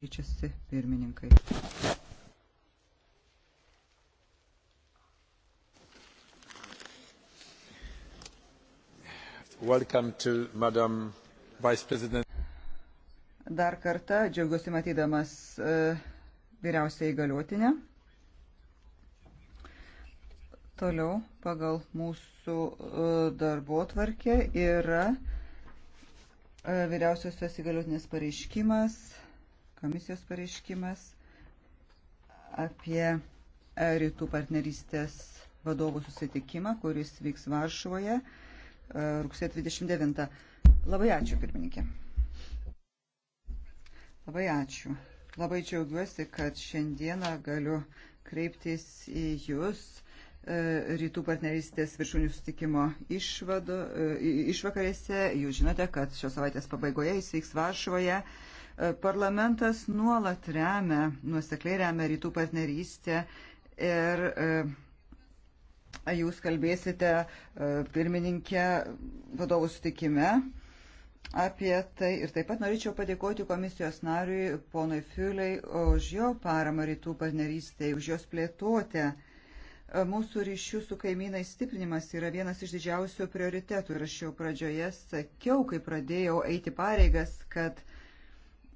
keičiasi pirmininkai. Welcome to Madam Vice President. Dar kartą džiaugiuosi matydamas uh, e, vyriausiai galiotinę. Toliau pagal mūsų uh, e, darbo tvarkė yra uh, vyriausiosios įgaliotinės pareiškimas komisijos pareiškimas apie rytų partnerystės vadovų susitikimą, kuris vyks Varšuvoje e, rugsėjo 29. Labai ačiū, pirmininkė. Labai ačiū. Labai džiaugiuosi, kad šiandieną galiu kreiptis į Jūs e, rytų partnerystės viršūnių sutikimo išvado, e, išvakarėse. Jūs žinote, kad šios savaitės pabaigoje jis vyks Varšuvoje. Parlamentas nuolat remia, nuosekliai remia rytų partnerystę ir e, jūs kalbėsite e, pirmininkė vadovų sutikime apie tai. Ir taip pat norėčiau padėkoti komisijos nariui ponui Fiuliai už jo paramą rytų partnerystėje, už jos plėtotę. E, mūsų ryšių su kaimynai stiprinimas yra vienas iš didžiausių prioritetų ir aš jau pradžioje sakiau, kai pradėjau eiti pareigas, kad uh,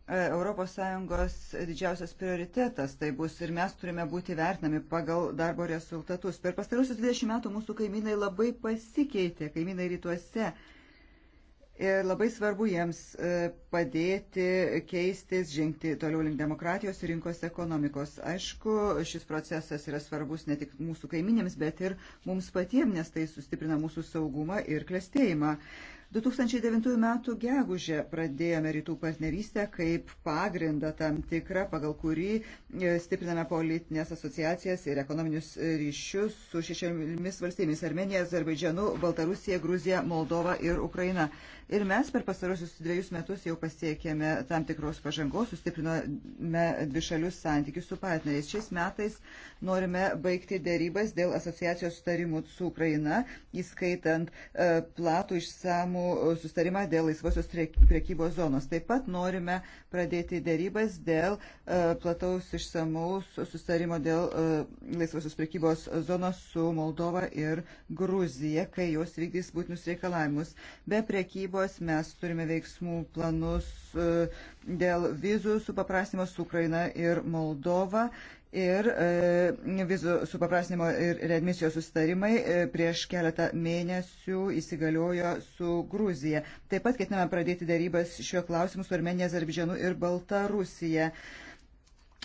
ES didžiausias prioritetas tai bus ir mes turime būti vertinami pagal darbo rezultatus. Per pastarusius 20 metų mūsų kaimynai labai pasikeitė, kaimynai rytuose. Ir labai svarbu jiems e, padėti keistis, žengti toliau link demokratijos ir rinkos ekonomikos. Aišku, šis procesas yra svarbus ne tik mūsų kaiminėms, bet ir mums patiems, nes tai sustiprina mūsų saugumą ir klėstėjimą. 2009 m. gegužę pradėjome rytų partnerystę kaip pagrindą tam tikrą, pagal kurį e, stipriname politinės asociacijas ir ekonominius ryšius su šešiomis valstybėmis - Armenija, Azerbaidžianu, Baltarusija, Gruzija, Moldova ir Ukraina. Ir mes per pastarosius dviejus metus jau pasiekėme tam tikros pažangos, sustiprinome dvišalius santykius su partneriais. Šiais metais norime baigti dėrybas dėl asociacijos sustarimų su Ukraina, įskaitant e, platų išsamų sustarimą dėl laisvosios priekybos zonos. Taip pat norime pradėti dėrybas dėl e, plataus išsamaus sustarimo dėl e, laisvosios priekybos zonos su Moldova ir Gruzija, kai jos vykdys būtinus reikalavimus. Be priekybos prekybos, mes turime veiksmų planus e, dėl vizų supaprastinimo su Ukraina ir Moldova ir e, vizų supaprastinimo ir readmisijos sustarimai e, prieš keletą mėnesių įsigaliojo su Gruzija. Taip pat ketiname pradėti darybas šiuo klausimu su Armenija, Azerbaidžianu ir Baltarusija. E,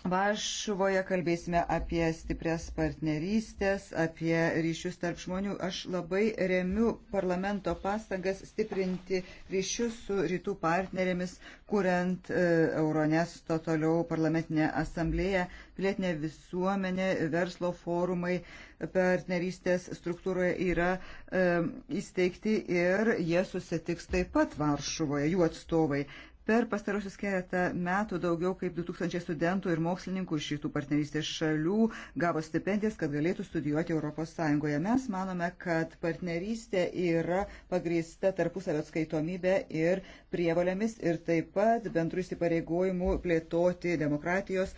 Varšuvoje kalbėsime apie stiprias partnerystės, apie ryšius tarp žmonių. Aš labai remiu parlamento pastangas stiprinti ryšius su rytų partnerėmis, kuriant e, Euronesto toliau parlamentinę asamblėją, pilietinę visuomenę, verslo forumai partnerystės struktūroje yra e, įsteigti ir jie susitiks taip pat Varšuvoje, jų atstovai. Per pastarosius keletą metų daugiau kaip 2000 studentų ir mokslininkų iš šitų partnerystės šalių gavo stipendijas, kad galėtų studijuoti ES. Mes manome, kad partnerystė yra pagrįsta tarpusavio atskaitomybė ir prievalėmis ir taip pat bendrų įsipareigojimų plėtoti demokratijos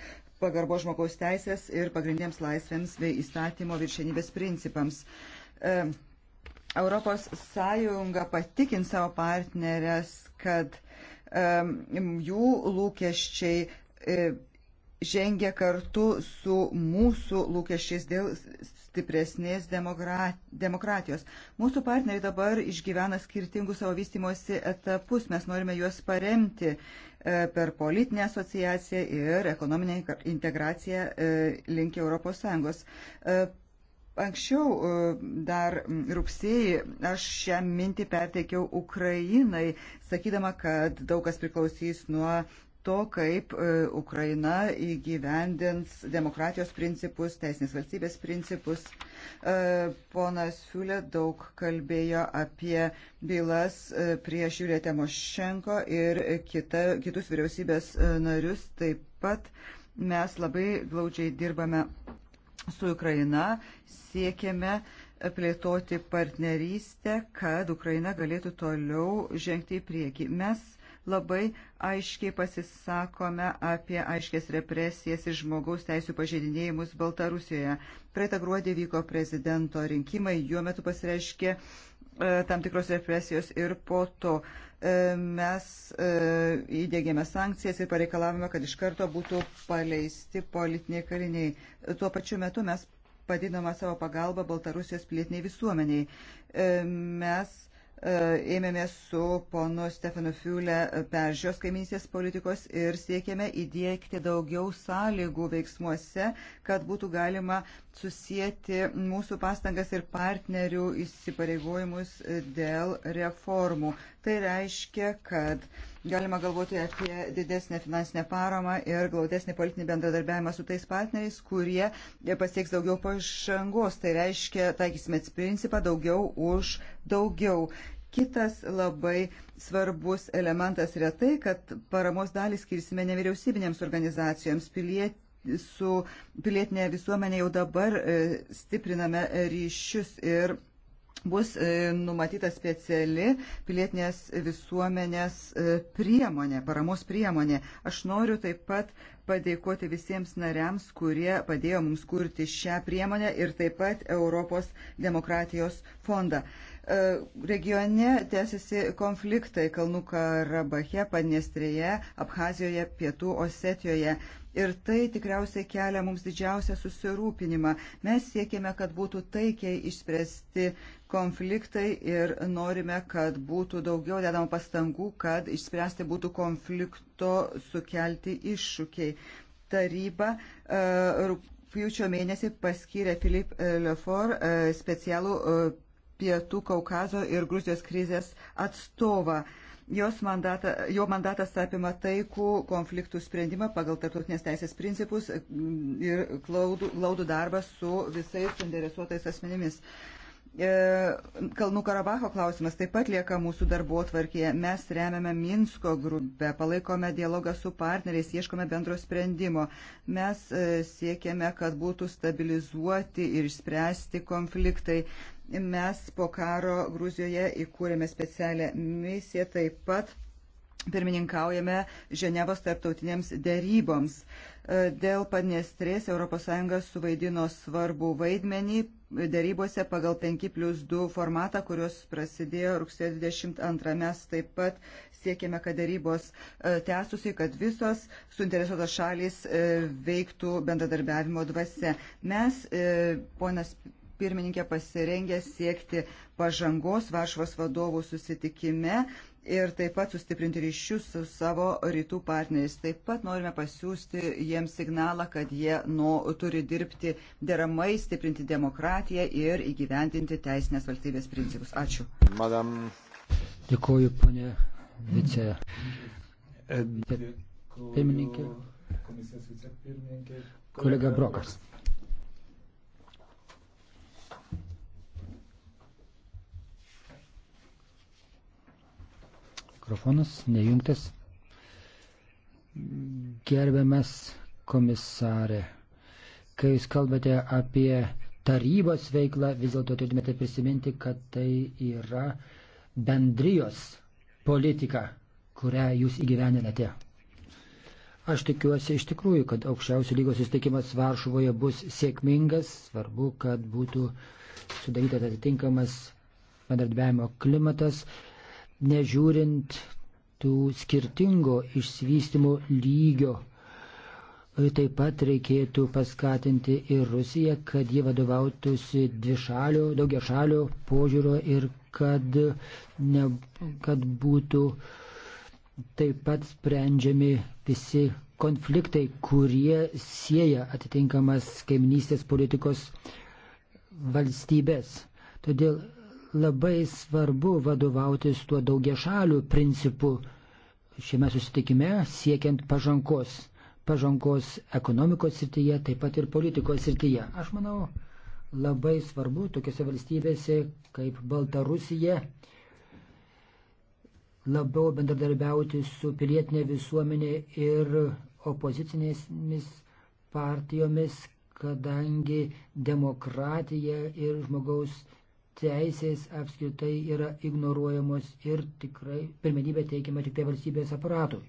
pagarbo žmogaus teisės ir pagrindiniams laisvėms bei įstatymo viršenybės principams. E, Europos Sąjunga patikins savo partnerės, kad jų lūkesčiai e, žengia kartu su mūsų lūkesčiais dėl stipresnės demokratijos. Mūsų partneriai dabar išgyvena skirtingus savo vystimosi etapus. Mes norime juos paremti e, per politinę asociaciją ir ekonominę integraciją e, link ES. Anksčiau e, dar rugsėjį aš šią mintį perteikiau Ukrainai, sakydama, kad daug kas priklausys nuo to, kaip e, Ukraina įgyvendins demokratijos principus, teisinės valstybės principus. E, ponas Fiulė daug kalbėjo apie bylas prieš Juliją Temošenko ir kita, kitus vyriausybės narius. Taip pat mes labai glaudžiai dirbame su Ukraina siekiame plėtoti partnerystę, kad Ukraina galėtų toliau žengti į priekį. Mes labai aiškiai pasisakome apie aiškės represijas ir žmogaus teisų pažeidinėjimus Baltarusijoje. Praeitą gruodį vyko prezidento rinkimai, juo metu pasireiškė uh, E, tam tikros represijos ir po to e, mes e, įdėgėme sankcijas ir pareikalavome, kad iš karto būtų paleisti politiniai kariniai. Tuo pačiu metu mes padidinome savo pagalbą Baltarusijos pilietiniai visuomeniai. Mes E, ėmėmės su ponu Stefanu Fiule peržios kaiminysės politikos ir siekėme įdėkti daugiau sąlygų veiksmuose, kad būtų galima susijęti mūsų pastangas ir partnerių įsipareigojimus dėl reformų. Tai reiškia, kad galima galvoti apie didesnę finansinę paramą ir glaudesnį politinį bendradarbiavimą su tais partneriais, kurie pasieks daugiau pažangos. Tai reiškia, taikysime principą daugiau už daugiau. Kitas labai svarbus elementas yra tai, kad paramos dalį skirsime nevyriausybinėms organizacijoms, piliet, su pilietinė visuomenė jau dabar e, stipriname ryšius ir bus e, numatyta speciali pilietinės visuomenės e, priemonė, paramos priemonė. Aš noriu taip pat padėkoti visiems nariams, kurie padėjo mums kurti šią priemonę ir taip pat Europos demokratijos fondą. E, regione tęsiasi konfliktai Kalnų Karabache, Padnestrėje, Abhazijoje, Pietų Osetijoje. Ir tai tikriausiai kelia mums didžiausią susirūpinimą. Mes siekime, kad būtų taikiai išspręsti konfliktai ir norime, kad būtų daugiau dedama pastangų, kad išspręsti būtų konflikto sukelti iššūkiai. Taryba e, rūpjūčio mėnesį paskyrė Filip Lefor e, specialų e, Pietų Kaukazo ir Gruzijos krizės atstovą. Uh, Jos mandata, jo mandatas apima taikų konfliktų sprendimą pagal tarptautinės teisės principus ir glaudų, glaudų darbą su visais suinteresuotais asmenimis. E, Kalnų Karabacho klausimas taip pat lieka mūsų darbo atvarkėje. Mes remiame Minsko grupę, palaikome dialogą su partneriais, ieškome bendro sprendimo. Mes e, siekiame, kad būtų stabilizuoti ir išspręsti konfliktai. Mes po karo Gruzijoje įkūrėme specialią misiją, taip pat pirmininkaujame Ženevos tarptautinėms dėryboms. E, dėl Padniestrės ES suvaidino svarbų vaidmenį dėrybose pagal 5 plus 2 formatą, kurios prasidėjo rugsėjo 22. Mes taip pat siekėme, kad dėrybos e, tęstusi, kad visos suinteresuotos šalys e, veiktų bendradarbiavimo dvasia. Mes, ponas pirmininkė pasirengė siekti pažangos Varšuvos vadovų susitikime ir taip pat sustiprinti ryšius su savo rytų partneriais. Taip pat norime pasiūsti jiems signalą, kad jie nu, turi dirbti deramai, stiprinti demokratiją ir įgyvendinti teisinės valstybės principus. Ačiū. Madam. Dėkuoju, ponė vice. Pirmininkė. Komisijos vicepirmininkė. Kolega Brokas. mikrofonas nejungtas. Gerbiamas komisarė, kai jūs kalbate apie tarybos veiklą, vis dėlto turėtumėte prisiminti, kad tai yra bendrijos politika, kurią jūs įgyveninate. Aš tikiuosi iš tikrųjų, kad aukščiausių lygos susitikimas Varšuvoje bus sėkmingas, svarbu, kad būtų sudarytas atitinkamas bendradarbiavimo klimatas nežiūrint tų skirtingo išsivystimo lygio. E, taip pat reikėtų paskatinti ir Rusiją, kad ji vadovautųsi dvišalio, daugiašalio požiūrio ir kad, ne, kad būtų taip pat sprendžiami visi konfliktai, kurie sieja atitinkamas kaimynystės politikos valstybės. Todėl labai svarbu vadovautis tuo daugiašalių principu šiame susitikime siekiant pažangos. Pažangos ekonomikos srityje, taip pat ir politikos srityje. Aš manau, labai svarbu tokiuose valstybėse kaip Baltarusija labiau bendradarbiauti su pilietinė visuomenė ir opozicinėmis partijomis, kadangi demokratija ir žmogaus teisės apskritai yra ignoruojamos ir tikrai pirmenybė teikiama tik tai valstybės aparatui.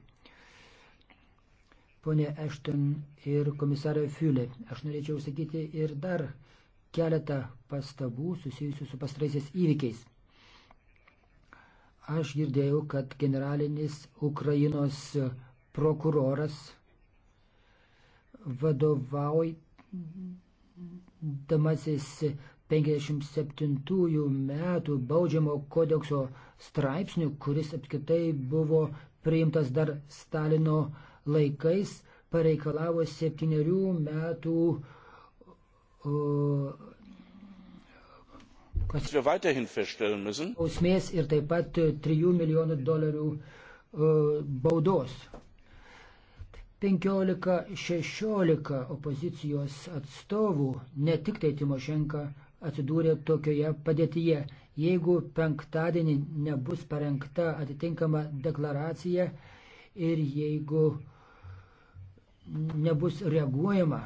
Pone Ešton ir komisarė Fiulė, aš norėčiau sakyti ir dar keletą pastabų susijusių su pastraisiais įvykiais. Aš girdėjau, kad generalinis Ukrainos prokuroras vadovaujai damasis 57 metų baudžiamo kodekso straipsnių, kuris apskritai buvo priimtas dar Stalino laikais, pareikalavo septyniarių metų. Uh, kas wir weiterhin feststellen müssen. Bausmės ir taip pat 3 milijonų dolerių uh, baudos. 15-16 opozicijos atstovų, ne tik tai Timošenka, atsidūrė tokioje padėtyje. Jeigu penktadienį nebus parengta atitinkama deklaracija ir jeigu nebus reaguojama,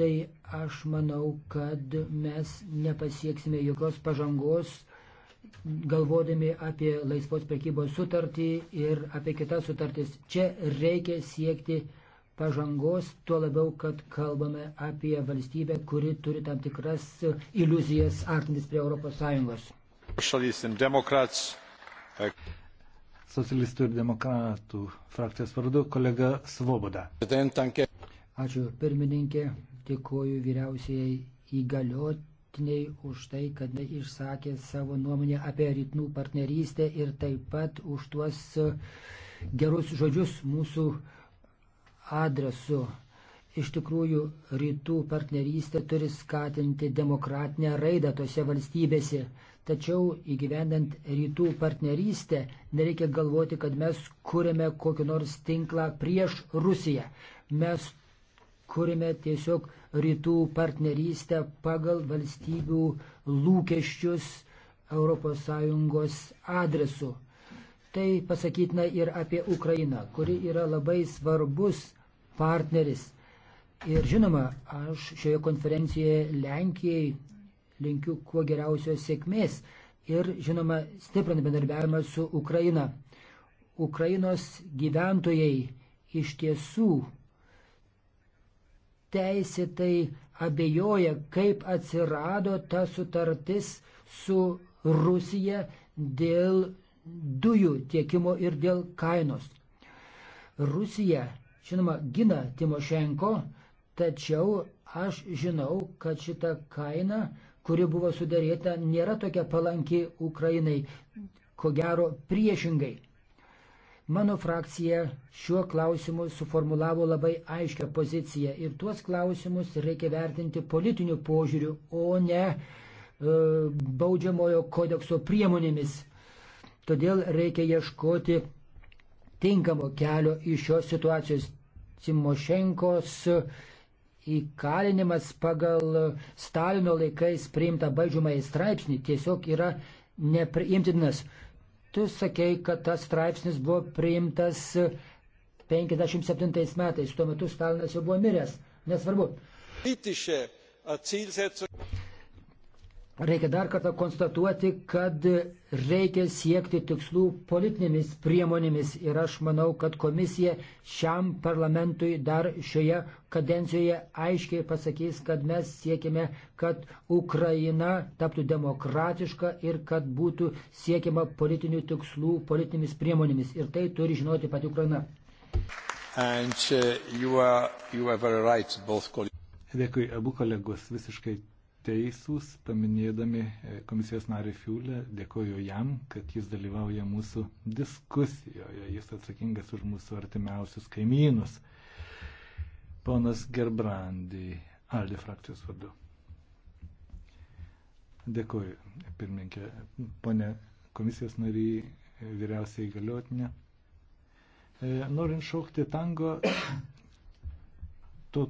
tai aš manau, kad mes nepasieksime jokios pažangos galvodami apie laisvos prekybos sutartį ir apie kitas sutartis. Čia reikia siekti pažangos, tuo labiau, kad kalbame apie valstybę, kuri turi tam tikras iliuzijas artintis prie ES. E, Socialistų ir demokratų frakcijos vardu kolega Svoboda. Ačiū pirmininkė, dėkoju vyriausiai įgaliotiniai už tai, kad išsakė savo nuomonę apie rytnų partnerystę ir taip pat už tuos gerus žodžius mūsų uh, adresu. Iš tikrųjų, rytų partnerystė turi skatinti demokratinę raidą tose valstybėse. Tačiau įgyvendant rytų partnerystę nereikia galvoti, kad mes kūrėme kokį nors tinklą prieš Rusiją. Mes kūrėme tiesiog rytų partnerystę pagal valstybių lūkesčius ES adresu. Tai pasakytina ir apie Ukrainą, kuri yra labai svarbus partneris. Ir žinoma, aš šioje konferencijoje Lenkijai linkiu kuo geriausios sėkmės ir, žinoma, stiprinant bendarbiavimą su Ukraina. Ukrainos gyventojai iš tiesų teisėtai abejoja, kaip atsirado ta sutartis su Rusija dėl dujų tiekimo ir dėl kainos. Rusija žinoma, gina Timošenko, tačiau aš žinau, kad šita kaina, kuri buvo sudaryta, nėra tokia palanki Ukrainai, ko gero priešingai. Mano frakcija šiuo klausimu suformulavo labai aiškę poziciją ir tuos klausimus reikia vertinti politiniu požiūriu, o ne e, baudžiamojo kodekso priemonėmis. Todėl reikia ieškoti tinkamo kelio iš šios situacijos. Timošenkos įkalinimas pagal Stalino laikais priimtą baidžiamąjį straipsnį tiesiog yra nepriimtinas. Tu sakei, kad tas straipsnis buvo priimtas 57 metais, tuo metu Stalinas jau buvo miręs. Nesvarbu. Politišė atsilsėtsų. Reikia dar kartą konstatuoti, kad reikia siekti tikslų politinėmis priemonėmis ir aš manau, kad komisija šiam parlamentui dar šioje kadencijoje aiškiai pasakys, kad mes siekime, kad Ukraina taptų demokratiška ir kad būtų siekiama politinių tikslų politinėmis priemonėmis. Ir tai turi žinoti pati Ukraina. And, uh, you are, you are right, Dėkui abu kolegos, visiškai teisūs, paminėdami e, komisijos narį Fiulę, dėkoju jam, kad jis dalyvauja mūsų diskusijoje, jis atsakingas už mūsų artimiausius kaimynus. Ponas Gerbrandi, Aldi frakcijos vardu. Dėkoju, pirmininkė, ponė komisijos nariai, vyriausiai galiotinė. E, norint šaukti tango, tu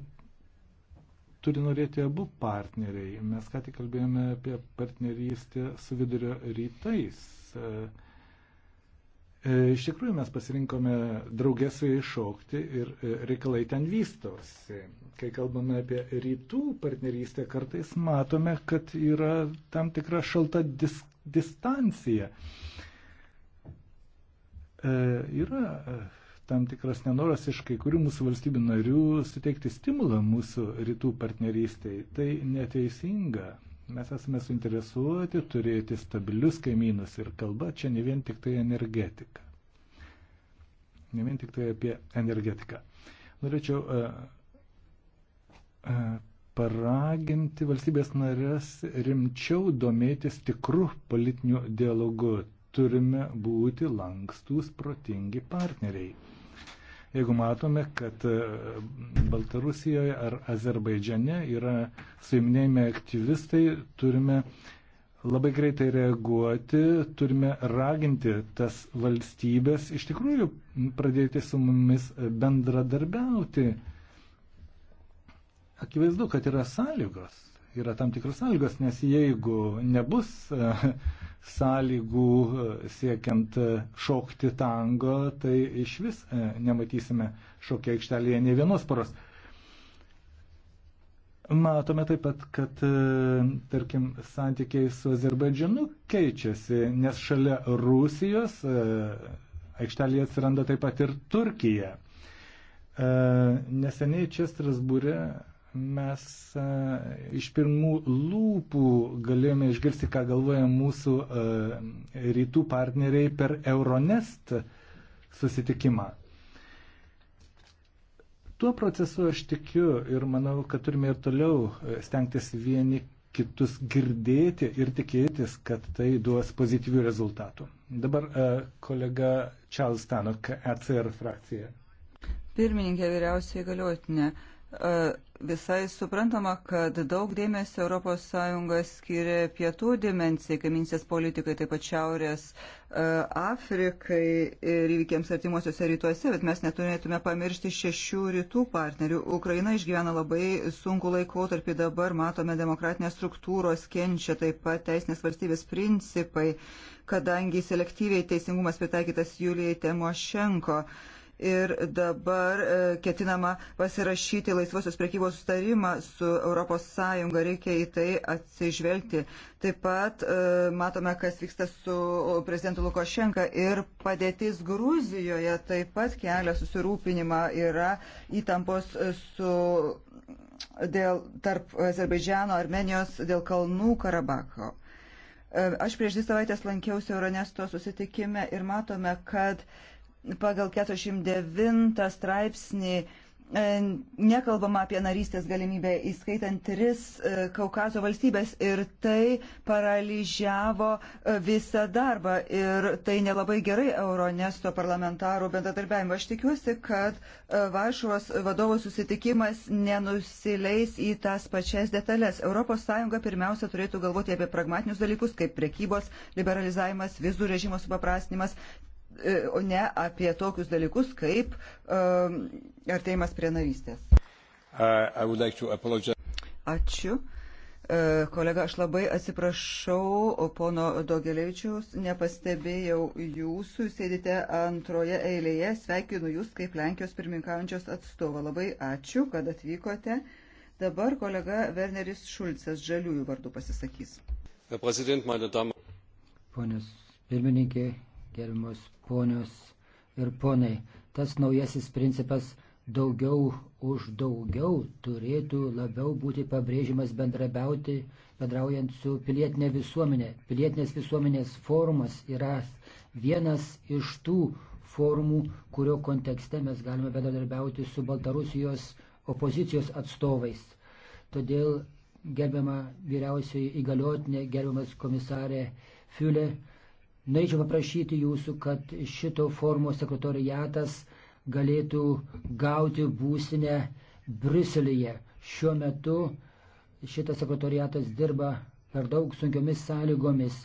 turi norėti abu partneriai. Mes ką tik kalbėjome apie partnerystę su vidurio rytais. E, e, iš tikrųjų mes pasirinkome draugės su jais šokti ir e, reikalai ten vystosi. Kai kalbame apie rytų partnerystę, kartais matome, kad yra tam tikra šalta dis distancija. E, yra tam tikras nenoras iš kai kurių mūsų valstybių narių suteikti stimulą mūsų rytų partnerystiai. Tai neteisinga. Mes esame suinteresuoti turėti stabilius kaimynus ir kalba čia ne vien tik tai energetika. Ne vien tik tai apie energetiką. Norėčiau uh, uh, paraginti valstybės narės rimčiau domėtis tikrų politinių dialogų turime būti lankstus, protingi partneriai jeigu matome, kad e, Baltarusijoje ar Azerbaidžiane yra suiminėjami aktyvistai, turime labai greitai reaguoti, turime raginti tas valstybės iš tikrųjų pradėti su mumis bendradarbiauti. Akivaizdu, kad yra sąlygos, yra tam tikros sąlygos, nes jeigu nebus e, sąlygų e, siekiant e, šokti tango, tai iš vis e, nematysime šokio aikštelėje ne vienos poros. Matome taip pat, kad, tarkim, santykiai su Azerbaidžianu keičiasi, nes šalia Rusijos aikštelėje atsiranda taip pat ir Turkija. Neseniai čia Strasbūre mes e, iš pirmų lūpų galėjome išgirsti, ką galvoja mūsų e, rytų partneriai per Euronest susitikimą. Tuo procesu aš tikiu ir manau, kad turime ir toliau e, stengtis vieni kitus girdėti ir tikėtis, kad tai duos pozityvių rezultatų. Dabar kolega Charles Tanok, ECR frakcija. Pirmininkė vyriausiai galiotinė. Uh visai suprantama, kad daug dėmesio ES skiria pietų dimencijai, kaiminės politikai, taip pat šiaurės e, Afrikai ir įvykiams artimuosiuose rytuose, bet mes neturėtume pamiršti šešių rytų partnerių. Ukraina išgyvena labai sunku laikotarpį, dabar matome demokratinės struktūros kenčia, taip pat teisinės valstybės principai, kadangi selektyviai teisingumas pritaikytas Julijai Temošenko. Uh, ir dabar e, ketinama pasirašyti laisvosios prekybos sustarimą su ES, reikia į tai atsižvelgti. Taip pat e, matome, kas vyksta su prezidentu Lukašenka ir padėtis Gruzijoje taip pat kelia susirūpinimą, yra įtampos e, su, dėl, tarp Azerbaidžiano, Armenijos dėl Kalnų Karabako. Aš prieš dvi savaitės lankiausi Euronesto susitikime ir matome, kad uh, pagal 49 straipsnį e, nekalbama apie narystės galimybę, įskaitant tris e, Kaukazo valstybės ir tai paralyžiavo e, visą darbą ir tai nelabai gerai Euronesto parlamentarų bendradarbiavimą. Aš tikiuosi, kad Varšuvos vadovo susitikimas nenusileis į tas pačias detalės. ES pirmiausia turėtų galvoti apie pragmatinius dalykus, kaip prekybos liberalizavimas, vizų režimo supaprastinimas, E, o ne apie tokius dalykus kaip e, artėjimas prie narystės. Like Ačiū. E, kolega, aš labai atsiprašau, pono Dogelevičiaus, nepastebėjau jūsų, sėdite antroje eilėje, sveikinu jūs kaip Lenkijos pirmininkaujančios atstovą. Labai ačiū, kad atvykote. Dabar kolega Werneris Šulcas žaliųjų vardu pasisakys. Ponios pirmininkė, gerbiamos ponios ir ponai. Tas naujasis principas daugiau už daugiau turėtų labiau būti pabrėžimas bendrabiauti, bendraujant su pilietinė visuomenė. Pilietinės visuomenės forumas yra vienas iš tų forumų, kurio kontekste mes galime bendradarbiauti su Baltarusijos opozicijos atstovais. Todėl gerbiama vyriausioji įgaliotinė, gerbiamas komisarė Fiulė, Norėčiau paprašyti jūsų, kad šito forumo sekretoriatas galėtų gauti būsinę Briuselėje. Šiuo metu šitas sekretoriatas dirba per daug sunkiomis sąlygomis.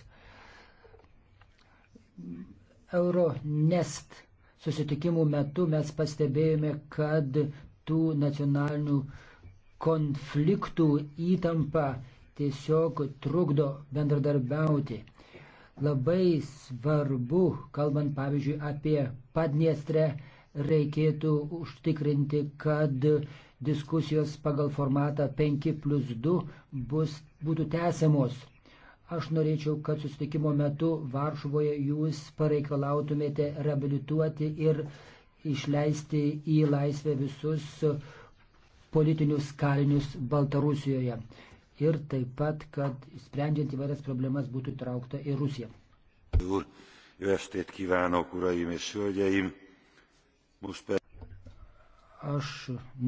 Euronest susitikimų metu mes pastebėjome, kad tų nacionalinių konfliktų įtampa tiesiog trukdo bendradarbiauti. Labai svarbu, kalbant pavyzdžiui apie Padniestrę, reikėtų užtikrinti, kad diskusijos pagal formatą 5 plus 2 bus, būtų tęsiamos. Aš norėčiau, kad susitikimo metu Varšuvoje jūs pareikalautumėte reabilituoti ir išleisti į laisvę visus politinius kalinius Baltarusijoje ir taip pat, kad sprendžiant įvairias problemas būtų traukta ir Rusija. Jó estét kívánok, uraim és hölgyeim! Most per... Aš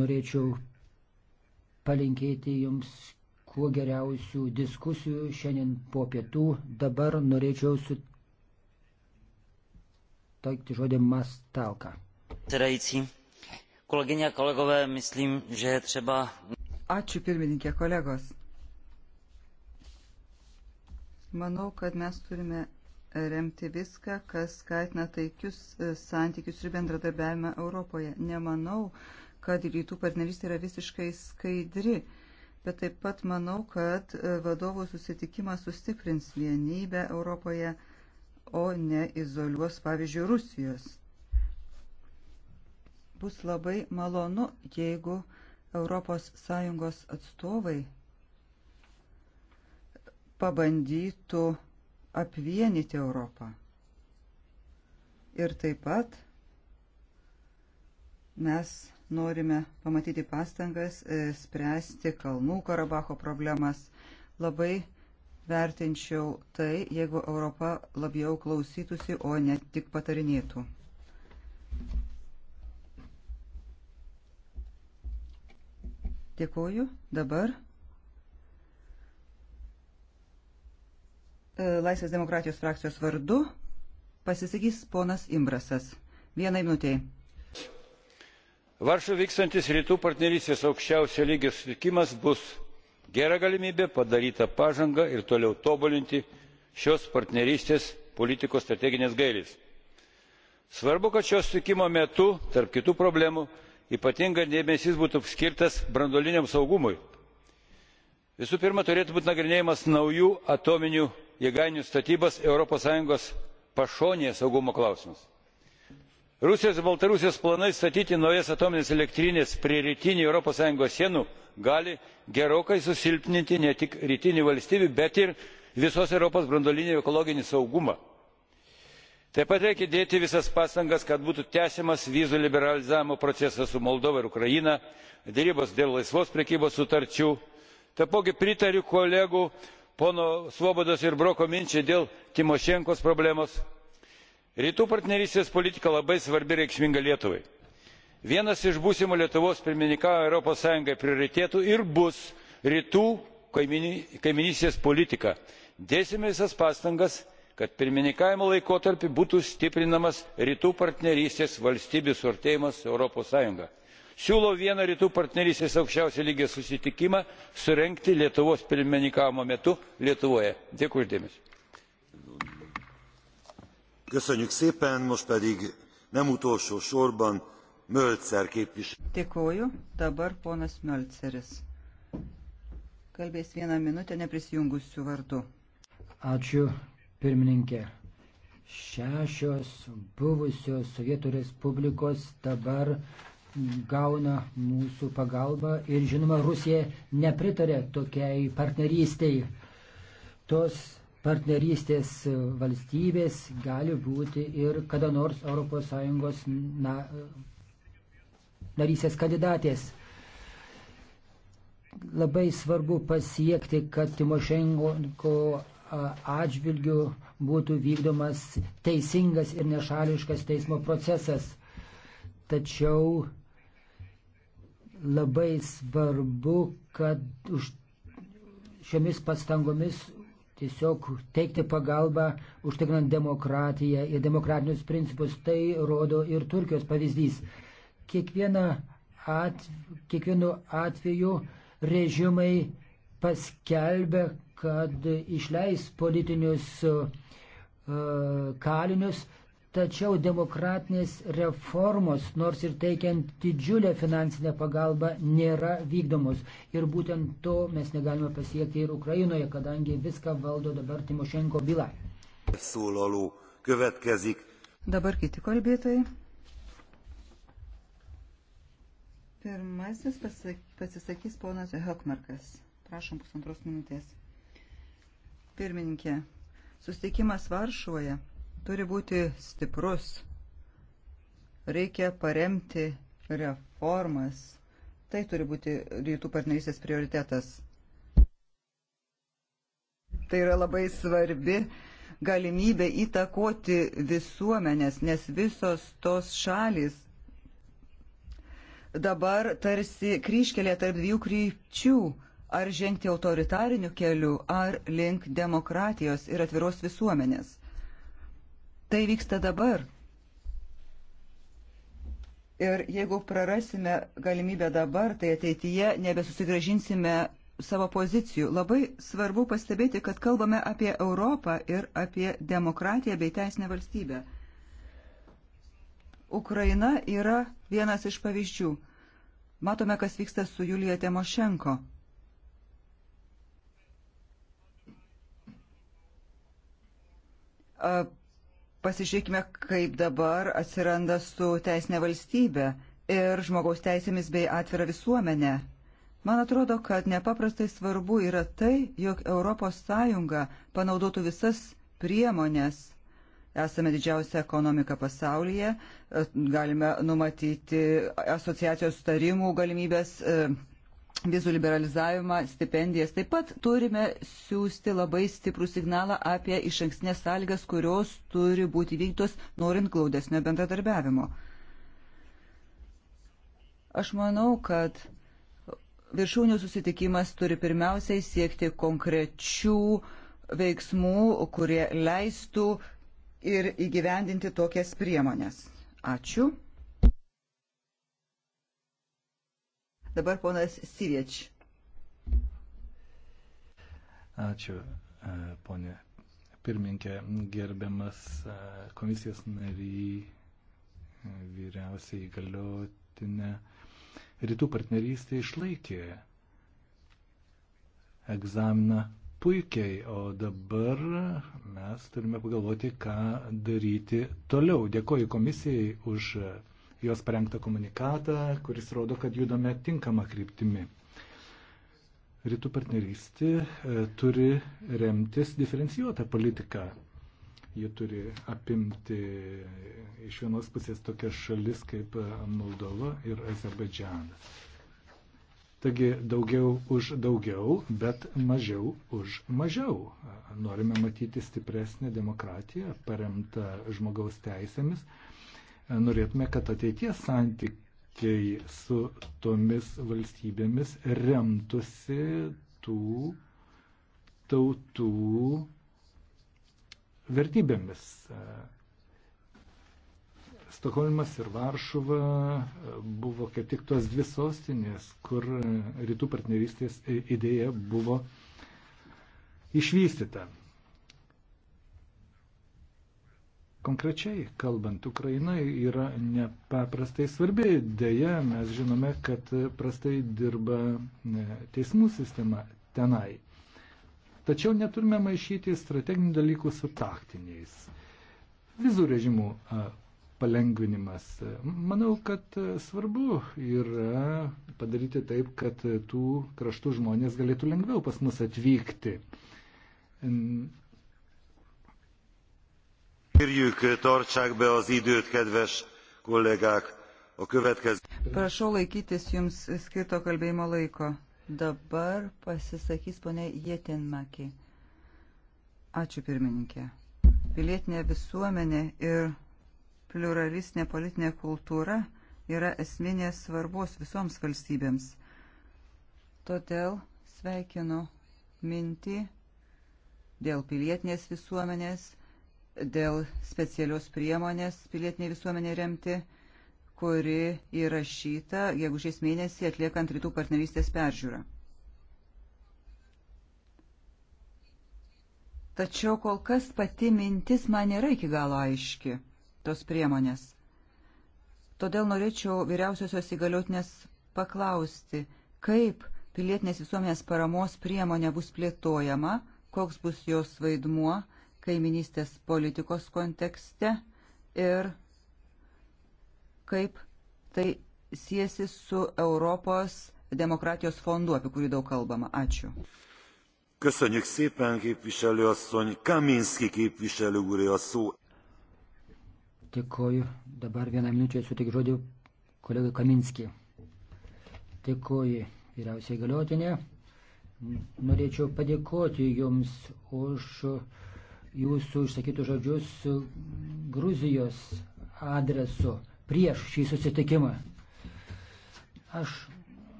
norėčiau palinkėti jums kuo geriausių diskusijų šiandien po pietų. Dabar norėčiau suteikti žodį Mastalka. Ačiū pirmininkė kolegos. Manau, kad mes turime remti viską, kas skatina taikius e, santykius ir bendradarbiavimą Europoje. Nemanau, kad rytų partnerystė yra visiškai skaidri, bet taip pat manau, kad e, vadovų susitikimas sustiprins vienybę Europoje, o ne izoliuos, pavyzdžiui, Rusijos. Bus labai malonu, jeigu ES atstovai pabandytų apvienyti Europą. Ir taip pat mes norime pamatyti pastangas e, spręsti Kalnų Karabacho problemas. Labai vertinčiau tai, jeigu Europa labiau klausytųsi, o ne tik patarinėtų. Dėkuoju. Dabar Laisvės demokratijos frakcijos vardu pasisakys ponas Imbrasas. Vienai minutėjai. Varšuvoje vykstantis rytų partnerystės aukščiausio lygio sutikimas bus gera galimybė padarytą pažangą ir toliau tobulinti šios partnerystės politikos strategines gaires. Svarbu, kad šio sutikimo metu, tarp kitų problemų, ypatingas dėmesys būtų skirtas branduoliniam saugumui. Visų pirma, turėtų būti nagrinėjimas naujų atominių jėgainių statybos europos sąjungos pašonėje saugumo klausimus. rusijos ir baltarusijos planai statyti naujas atomines elektrines prie rytinių europos sąjungos sienų gali gerokai susilpninti ne tik rytinių valstybių bet ir visos europos branduolinį ekologinį saugumą. taip pat reikia dėti visas pastangas kad būtų tęsiamas vizų liberalizavimo procesas su moldova ir ukraina derybos dėl laisvos prekybos sutarčių. taipogi pritariu kolegų pono svobodos ir broko minčiai dėl tymošenkos problemos rytų partnerystės politika labai svarbi ir reikšminga lietuvai. vienas iš būsimo lietuvos pirmininkavimo europos sąjungai prioritetų ir bus rytų kaimynystės politika. dėsime visas pastangas kad pirmininkavimo laikotarpiu būtų stiprinamas rytų partnerystės valstybių suartėjimas su europos sąjunga siūlau vieną rytų partnerystės aukščiausio lygio susitikimą surengti lietuvos pirmininkavimo metu lietuvoje. dėkui už dėmesį. köszönjük szépen most pedig nem utolsó sorban mölzer képviselő. dėkoju dabar ponas mölzeris kalbės vieną minutę neprisijungusių vardu. ačiū pirmininke šešios buvusios Sovietų Respublikos dabar gauna mūsų pagalbą ir žinoma Rusija nepritarė tokiai partnerystiai. Tos partnerystės valstybės gali būti ir kada nors ES na, narysės kandidatės. Labai svarbu pasiekti, kad Timošenko atžvilgių būtų vykdomas teisingas ir nešališkas teismo procesas. Tačiau labai svarbu, kad už šiomis pastangomis tiesiog teikti pagalbą, užtikrinant demokratiją ir demokratinius principus, tai rodo ir Turkijos pavyzdys. Kiekviena at, kiekvienu atveju režimai paskelbia, kad išleis politinius uh, kalinius, Tačiau demokratinės reformos, nors ir teikiant didžiulę finansinę pagalbą, nėra vykdomos. Ir būtent to mes negalime pasiekti ir Ukrainoje, kadangi viską valdo dabar Timošenko byla. Dabar kiti kalbėtojai. Pirmasis pasisakys ponas Hökmarkas. Prašom pusantros minutės. Pirmininkė, susitikimas Varšuoje turi būti stiprus. Reikia paremti reformas. Tai turi būti rytų partnerystės prioritetas. Tai yra labai svarbi galimybė įtakoti visuomenės, nes visos tos šalis dabar tarsi kryškelė tarp dviejų krypčių ar žengti autoritariniu keliu, ar link demokratijos ir atviros visuomenės. Tai vyksta dabar. Ir jeigu prarasime galimybę dabar, tai ateityje nebesusigražinsime savo pozicijų. Labai svarbu pastebėti, kad kalbame apie Europą ir apie demokratiją bei teisinę valstybę. Ukraina yra vienas iš pavyzdžių. Matome, kas vyksta su Julija Temošenko. Uh, Pasižiūrėkime, kaip dabar atsiranda su teisinė valstybė ir žmogaus teisėmis bei atvira visuomenė. Man atrodo, kad nepaprastai svarbu yra tai, jog ES panaudotų visas priemonės. Esame didžiausia ekonomika pasaulyje, galime numatyti asociacijos sutarimų galimybės vizų liberalizavimą, stipendijas. Taip pat turime siūsti labai stiprų signalą apie iš ankstinės sąlygas, kurios turi būti vykdytos norint glaudesnio bendradarbiavimo. Aš manau, kad viršūnių susitikimas turi pirmiausiai siekti konkrečių veiksmų, kurie leistų ir įgyvendinti tokias priemonės. Ačiū. Dabar ponas Sivieč. Ačiū, e, ponė pirmininkė, gerbiamas e, komisijos nary, e, vyriausiai įgaliotinė. Rytų partnerystė išlaikė egzaminą puikiai, o dabar mes turime pagalvoti, ką daryti toliau. Dėkoju komisijai už jos parengtą komunikatą, kuris rodo, kad judame tinkamą kryptimį. Rytų partnerystė e, turi remtis diferencijuotą politiką. Ji turi apimti iš vienos pusės tokias šalis kaip Moldova ir Azerbaidžianas. Taigi daugiau už daugiau, bet mažiau už mažiau. Norime matyti stipresnę demokratiją, paremtą žmogaus teisėmis, norėtume, kad ateities santykiai su tomis valstybėmis remtusi tų tautų vertybėmis. Stokholmas ir Varšuva buvo kaip tik tos dvi sostinės, kur rytų partnerystės idėja buvo išvystyta. Konkrečiai kalbant, Ukraina yra nepaprastai svarbi. Deja, mes žinome, kad prastai dirba e, teismų sistema tenai. Tačiau neturime maišyti strateginių dalykų su taktiniais. Vizų režimų e, palengvinimas. E, manau, kad svarbu yra padaryti taip, kad tų kraštų žmonės galėtų lengviau pas mus atvykti Kérjük, tartsák be az időt, kedves kollégák. O következ... Prašau laikytis jums skirto kalbėjimo laiko. Dabar pasisakys ponė Jetinmaki. Ačiū pirmininkė. Pilietinė visuomenė ir pluralistinė politinė kultūra yra esminės svarbos visoms valstybėms. Todėl sveikinu mintį dėl pilietinės visuomenės dėl specialios priemonės pilietiniai visuomeniai remti, kuri įrašyta, jeigu šiais mėnesį atliekant rytų partnerystės peržiūrą. Tačiau kol kas pati mintis man nėra iki galo aiški tos priemonės. Todėl norėčiau vyriausiosios įgaliotinės paklausti, kaip pilietinės visuomenės paramos priemonė bus plėtojama, koks bus jos vaidmuo kaiminystės politikos kontekste ir kaip tai siesi su Europos demokratijos fondu, apie kurį daug kalbama. Ačiū. Köszönjük szépen, képviselő asszony. Kaminski képviselő úr a szó. Dėkoju. Dabar vieną minutę sutik žodį kolegai Kaminski. Dėkoju, vyriausiai galiotinė. Norėčiau padėkoti Jums už uh, jūsų išsakytų žodžius Gruzijos adresu prieš šį susitikimą. Aš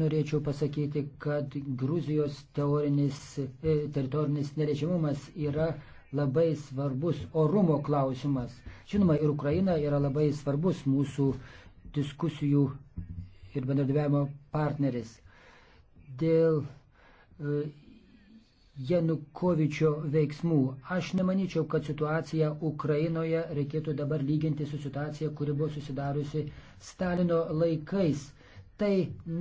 norėčiau pasakyti, kad Gruzijos teorinis, e, teritorinis neliečiamumas yra labai svarbus orumo klausimas. Žinoma, ir Ukraina yra labai svarbus mūsų diskusijų ir bendradarbiavimo partneris. Dėl e, Janukovičio veiksmų. Aš nemanyčiau, kad situacija Ukrainoje reikėtų dabar lyginti su situacija, kuri buvo susidariusi Stalino laikais. Tai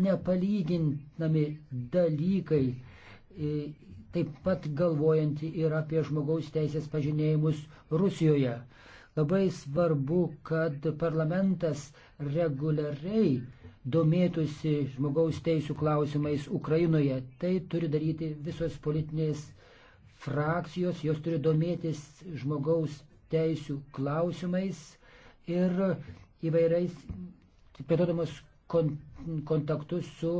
nepalyginami dalykai. E, taip pat galvojant ir apie žmogaus teisės pažinėjimus Rusijoje. Labai svarbu, kad parlamentas reguliariai domėtųsi žmogaus teisų klausimais Ukrainoje. Tai turi daryti visos politinės frakcijos, jos turi domėtis žmogaus teisų klausimais ir įvairiais plėtodamos kontaktus su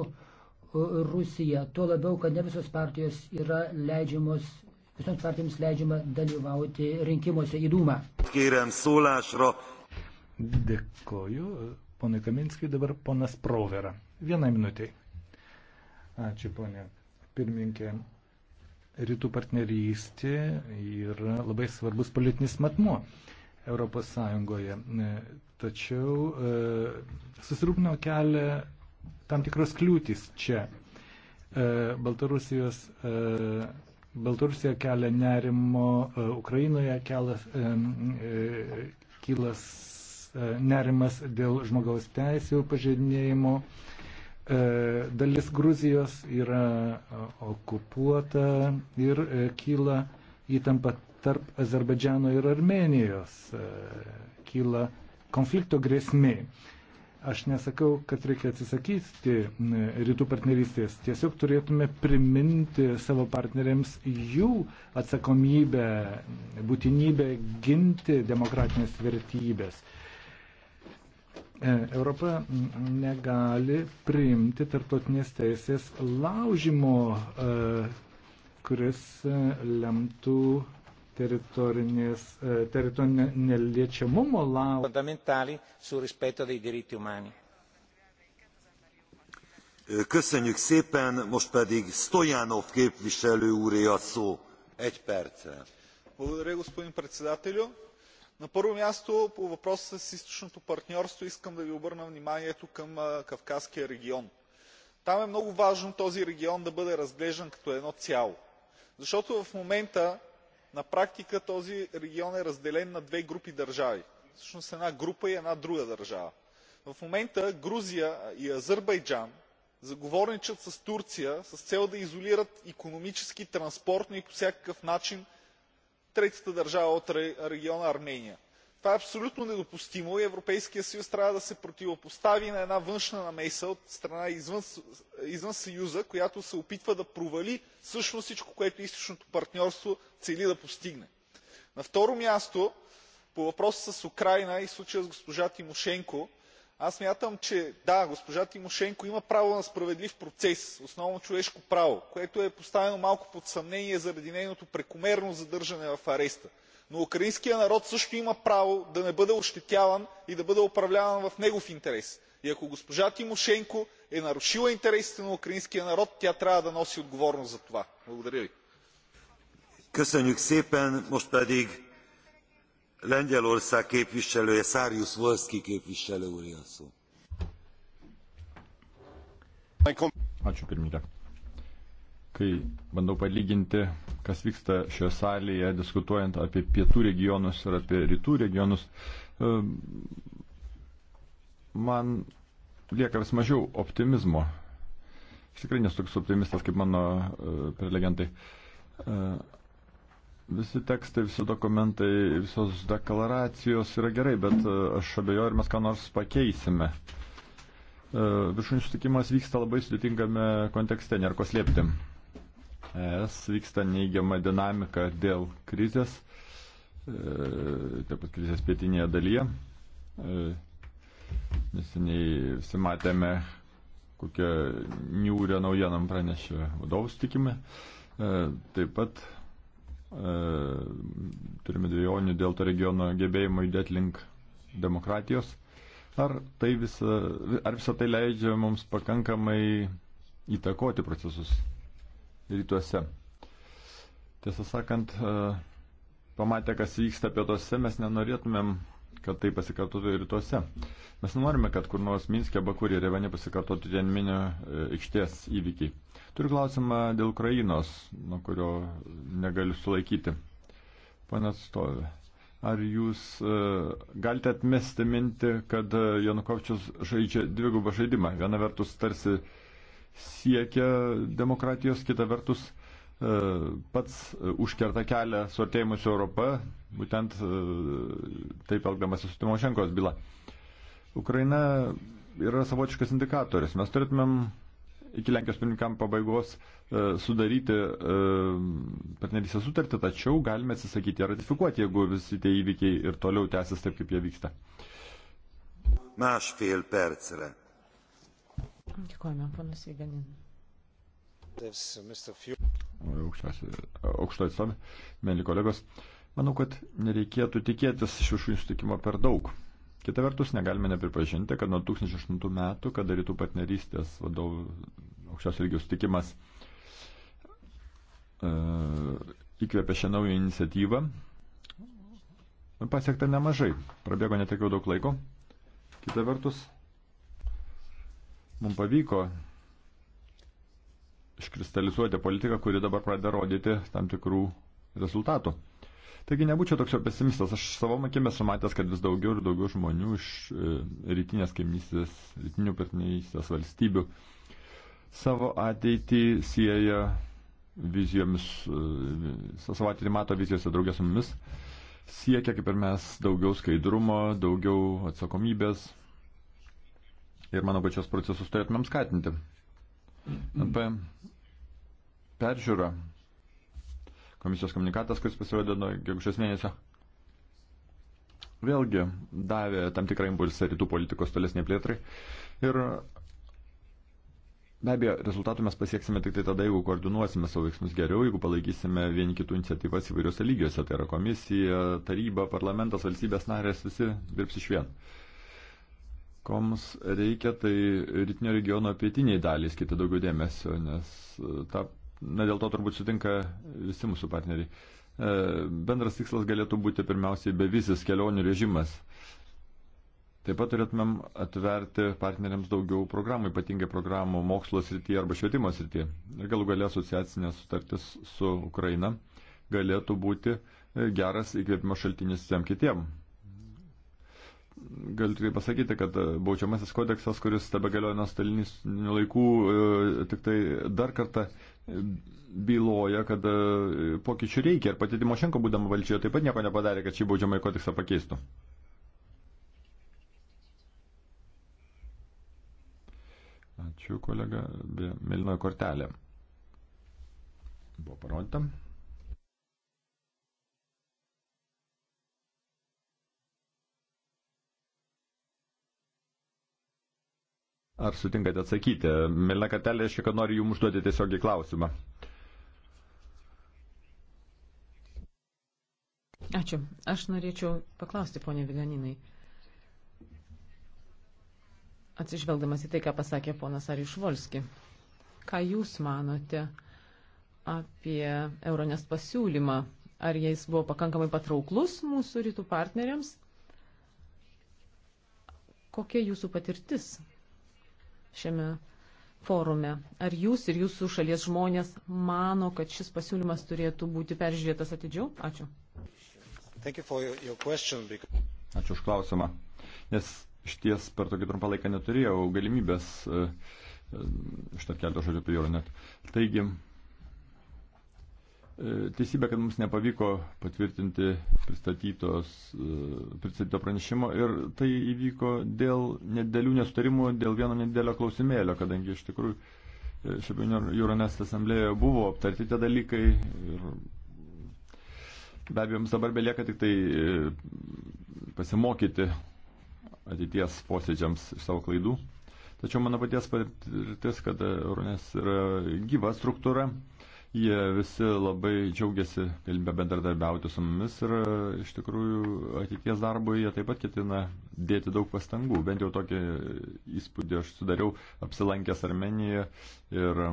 Rusija. Tuo labiau, kad ne visos partijos yra leidžiamos, visoms partijoms leidžiama dalyvauti rinkimuose į Dūmą. Dėkoju ponui Kaminskijui, dabar ponas Provera. Vieną minutį. Ačiū, ponė pirmininkė. Rytų partnerystė yra labai svarbus politinis matmuo ES. Tačiau e, susirūpino kelią tam tikros kliūtis čia. E, Baltarusijos, e, Baltarusija kelia nerimo, e, Ukrainoje kelas, e, e, kylas E, nerimas dėl žmogaus teisėjų pažeidinėjimo. E, dalis Gruzijos yra e, okupuota ir kyla įtampa tarp Azerbaidžiano ir Armenijos. Kyla konflikto grėsmė. Aš nesakau, kad reikia atsisakyti rytų partnerystės. Tiesiog turėtume priminti savo partneriams jų atsakomybę, būtinybę ginti demokratinės vertybės. E, Europa negali priimti tarptautinės teisės laužimo, e, kuris e, lemtų teritorinės, teritorinio neliečiamumo laužimo. Fundamentali sul rispetto dei diritti umani. Köszönjük szépen, most pedig Stojanov képviselő úré a szó. Egy perccel. Благодаря, господин председателю На първо място, по въпроса с източното партньорство искам да ви обърна вниманието към Кавказския регион. Там е много важно този регион да бъде разглеждан като едно цяло. Защото в момента на практика този регион е разделен на две групи държави. Всъщност една група и една друга държава. В момента Грузия и Азербайджан заговорничат с Турция с цел да изолират икономически, транспортно и по всякакъв начин третата държава от региона армения. това е абсолютно недопустимо и европейският съюз трябва да се противопостави на една външна намеса от страна извън съюза която се опитва да провали всъщност всичко което източното партньорство цели да постигне. на второ място по въпроса с украйна и случая с госпожа тимошенко смятам че да госпожа тимошенко има право на справедлив процес основно човешко право което е поставено малко под съмнение заради нейното прекомерно задържане в ареста но украинският народ също има право да не бъде ощетяван и да бъде управляван в негов интерес и ако госпожа тимошенко е нарушила интересите на украинския народ тя трябва да носи отговорност за това. благодаря ви. Lengyelország képviselője Szárius Volszki képviselő úr a szó. Ačiū pirmininkė. Kai bandau palyginti, kas vyksta šioje salėje, diskutuojant apie pietų regionus ir apie rytų regionus, ehm, man lieka vis mažiau optimizmo. Aš tikrai nesu toks optimistas kaip mano e, prelegentai. Uh, Visi tekstai, visi dokumentai, visos deklaracijos yra gerai, bet e, aš abejoju, ar mes ką nors pakeisime. E, viršūnių sutikimas vyksta labai sudėtingame kontekste, nėra ko slėpti. Es vyksta neįgiama dinamika dėl krizės, e, taip pat krizės pietinėje dalyje. Neseniai visi matėme, kokią niūrę naujieną pranešė vadovų sutikime. Taip pat E, turime dviejonių dėl to regiono gebėjimo judėti link demokratijos. Ar, tai visa, ar visa tai leidžia mums pakankamai įtakoti procesus rytuose? Tiesą sakant, e, pamatę, kas vyksta pietuose, mes nenorėtumėm, kad tai pasikartotų rytuose. Mes nenorime, kad kur nors Minskė, Bakurė ir Revenė pasikartotų dienminio e, aikštės įvykiai. Turiu klausimą dėl Ukrainos, nuo kurio negaliu sulaikyti. Pane atstovė, ar jūs e, galite atmesti mintį, kad Janukovčius žaidžia dvigubą žaidimą? Viena vertus tarsi siekia demokratijos, kita vertus e, pats užkerta kelią suartėjimus Europą, būtent e, taip elgdamas su Timošenkos byla. Ukraina yra savotiškas indikatorius. Mes turėtumėm iki Lenkijos pirmininkam pabaigos e, sudaryti e, partnerystės sutartį, tačiau galime atsisakyti ją ratifikuoti, jeigu visi tie įvykiai ir toliau tęsis taip, kaip jie vyksta. Másfél percre. Dėkojame, ponas Viganin. Uh, aukšto atstovė, mėly kolegos, manau, kad nereikėtų tikėtis iš viršūnių sutikimo per daug. Kita vertus, negalime nepripažinti, kad nuo 2008 metų, kada rytų partnerystės vadovų aukščiausio lygio sutikimas e, įkvėpė šią naują iniciatyvą, pasiekta nemažai. Prabėgo netiek jau daug laiko. Kita vertus, mums pavyko iškristalizuoti politiką, kuri dabar pradeda rodyti tam tikrų rezultatų. Taigi nebūčiau toks jau pesimistas. Aš savo akimis matęs, kad vis daugiau ir daugiau žmonių iš e, rytinės kaimynystės, rytinių partnerystės valstybių savo ateitį sieja vizijomis, e, savo ateitį mato vizijose draugės su mumis, siekia kaip ir mes daugiau skaidrumo, daugiau atsakomybės ir mano pačios procesus turėtumėm skatinti. NP peržiūra komisijos komunikatas, kuris pasirodė nuo gegužės mėnesio, vėlgi davė tam tikrą impulsą rytų politikos tolesnė plėtrai. Ir be abejo, rezultatų mes pasieksime tik tai tada, jeigu koordinuosime savo veiksmus geriau, jeigu palaikysime vieni kitų iniciatyvas įvairiuose lygiuose, tai yra komisija, taryba, parlamentas, valstybės narės, visi dirbs iš vien. Ko mums reikia, tai rytinio regiono pietiniai dalys skirti daugiau dėmesio, nes e, ta Na, dėl to turbūt sutinka visi mūsų partneriai. E, bendras tikslas galėtų būti pirmiausiai bevisis kelionių režimas. Taip pat turėtumėm atverti partneriams daugiau programų, ypatingai programų mokslo srityje arba švietimo srityje. Ir galų galia asociacinė sutartis su Ukraina galėtų būti e, geras įkvėpimo šaltinis visiems kitiem. Galiu tikrai pasakyti, kad e, baudžiamasis kodeksas, kuris tebe galioja nuo stalininių laikų, tik tai dar kartą byloja, kad e, pokyčių reikia ir pati Timošenko būdama valdžioje taip pat nieko nepadarė, kad šį baudžiamąjį kodeksą pakeistų. Ačiū kolega, be melinoji kortelė. Buvo parodyta. Ar sutinkate atsakyti? Milna kartelė reiškia, kad noriu jums užduoti tiesiogį klausimą. Ačiū. Aš norėčiau paklausti, ponė Viganinai. Atsižvelgdamas į tai, ką pasakė ponas Arišvolski, ką jūs manote apie Euronės pasiūlymą? Ar jais buvo pakankamai patrauklus mūsų rytų partneriams? Kokia jūsų patirtis šiame forume. Ar jūs ir jūsų šalies žmonės mano, kad šis pasiūlymas turėtų būti peržiūrėtas atidžiau? Ačiū. Ačiū už klausimą. Nes iš ties per tokį trumpą laiką neturėjau galimybės ištarti e, e, keletą žodžių prie jūrų net. Taigi, E, teisybė, kad mums nepavyko patvirtinti e, pristatyto pranešimo ir tai įvyko dėl nedėlių nesutarimų, dėl vieno nedėlio klausimėlio, kadangi iš tikrųjų e, šiaip Euronest asamblėje buvo aptarti tie dalykai ir be abejo mums dabar belieka tik tai pasimokyti ateities posėdžiams iš savo klaidų. Tačiau mano paties patirtis, kad Euronest yra gyva struktūra Jie visi labai džiaugiasi galimybę bendradarbiauti su mumis ir e, iš tikrųjų ateities darbo jie taip pat ketina dėti daug pastangų. Bent jau tokį įspūdį aš sudariau apsilankęs Armenijoje ir e,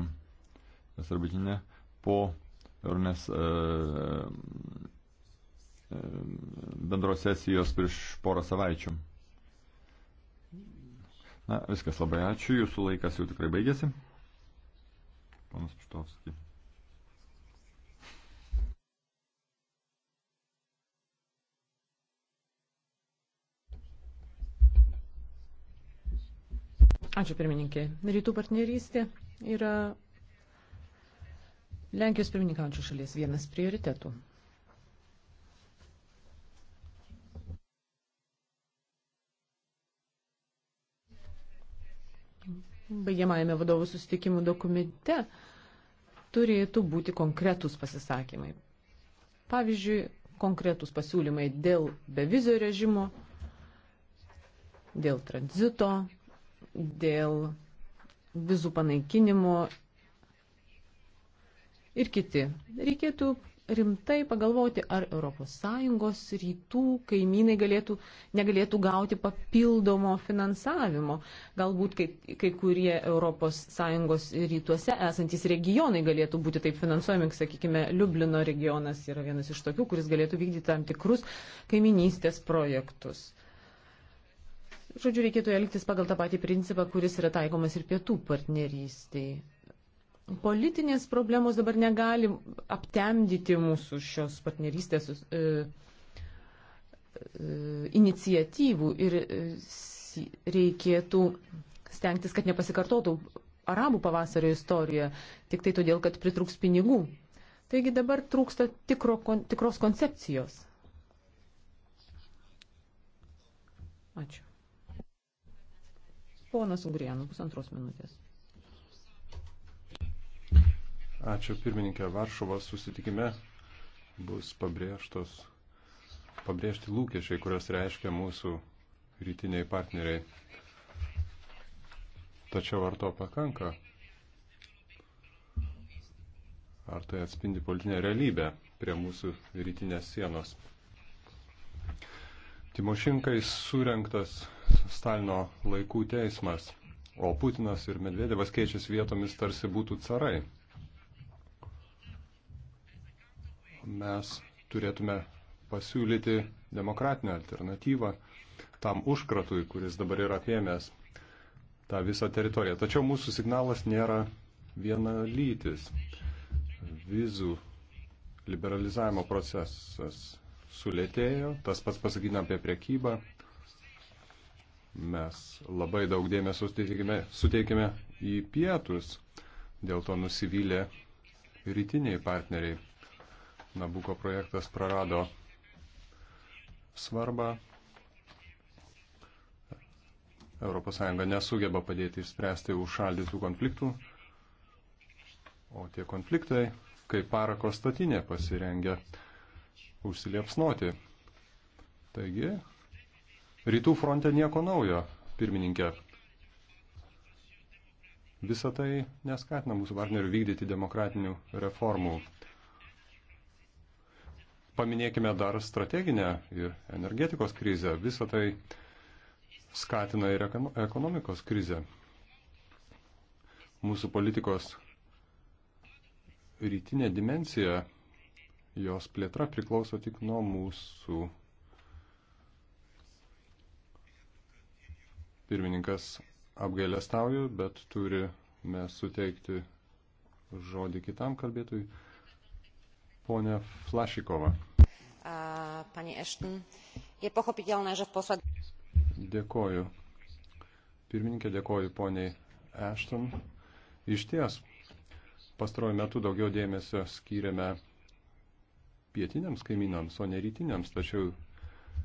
Azerbaidžinė po Euronės e, bendros sesijos prieš porą savaičių. Na, viskas labai ačiū, jūsų laikas jau tikrai baigėsi. Panas Štovskis. Ačiū pirmininkė. Rytų partnerystė yra Lenkijos pirmininkaujančių šalies vienas prioritetų. Baigiamajame vadovų susitikimų dokumente turėtų būti konkretūs pasisakymai. Pavyzdžiui, konkretūs pasiūlymai dėl bevizio režimo, dėl tranzito dėl vizų panaikinimo ir kiti. Reikėtų rimtai pagalvoti, ar ES rytų kaimynai galėtų, negalėtų gauti papildomo finansavimo. Galbūt kai, kai kurie ES rytuose esantis regionai galėtų būti taip finansuojami, sakykime, Liublino regionas yra vienas iš tokių, kuris galėtų vykdyti tam tikrus kaiminystės projektus. Žodžiu, reikėtų elgtis pagal tą patį principą, kuris yra taikomas ir pietų partnerystiai. Politinės problemos dabar negali aptemdyti mūsų šios partnerystės e, e, iniciatyvų ir e, reikėtų stengtis, kad nepasikartotų arabų pavasario istorija, tik tai todėl, kad pritruks pinigų. Taigi dabar trūksta tikro, kon, tikros koncepcijos. Ačiū. Ponas Ungrijanų, pusantros minutės. Ačiū pirmininkė Varšuvos susitikime bus pabrėžtos, pabrėžti lūkesčiai, kurios reiškia mūsų rytiniai partneriai. Tačiau ar to pakanka? Ar tai atspindi politinę realybę prie mūsų rytinės sienos? Timošinkais surinktas Stalino laikų teismas, o Putinas ir Medvedevas keičiasi vietomis tarsi būtų carai. Mes turėtume pasiūlyti demokratinę alternatyvą tam užkratui, kuris dabar yra apėmęs tą visą teritoriją. Tačiau mūsų signalas nėra viena lytis. Vizų liberalizavimo procesas sulėtėjo, tas pats pasakytina apie prekybą. Mes labai daug dėmesio suteikime, suteikime į pietus, dėl to nusivylė rytiniai partneriai. Nabuko projektas prarado svarbą. ES nesugeba padėti išspręsti užšaldytų konfliktų, o tie konfliktai, kaip parako statinė pasirengia užsiliepsnoti. Taigi, rytų fronte nieko naujo, pirmininkė. Visą tai neskatina mūsų partnerių vykdyti demokratinių reformų. Paminėkime dar strateginę ir energetikos krizę. Visą tai skatina ir ekonomikos krizę. Mūsų politikos rytinė dimensija Jos plėtra priklauso tik nuo mūsų. Pirmininkas apgailestauju, bet turime suteikti žodį kitam kalbėtui. Pone Flašikova. Pani Ešten, je pochopitelné, že v posled... Dėkoju. Pirmininkė, dėkoju poniai Ešton. Iš ties, pastaruoju metu daugiau dėmesio skyrėme pietiniams kaimynams, o ne rytiniams. Tačiau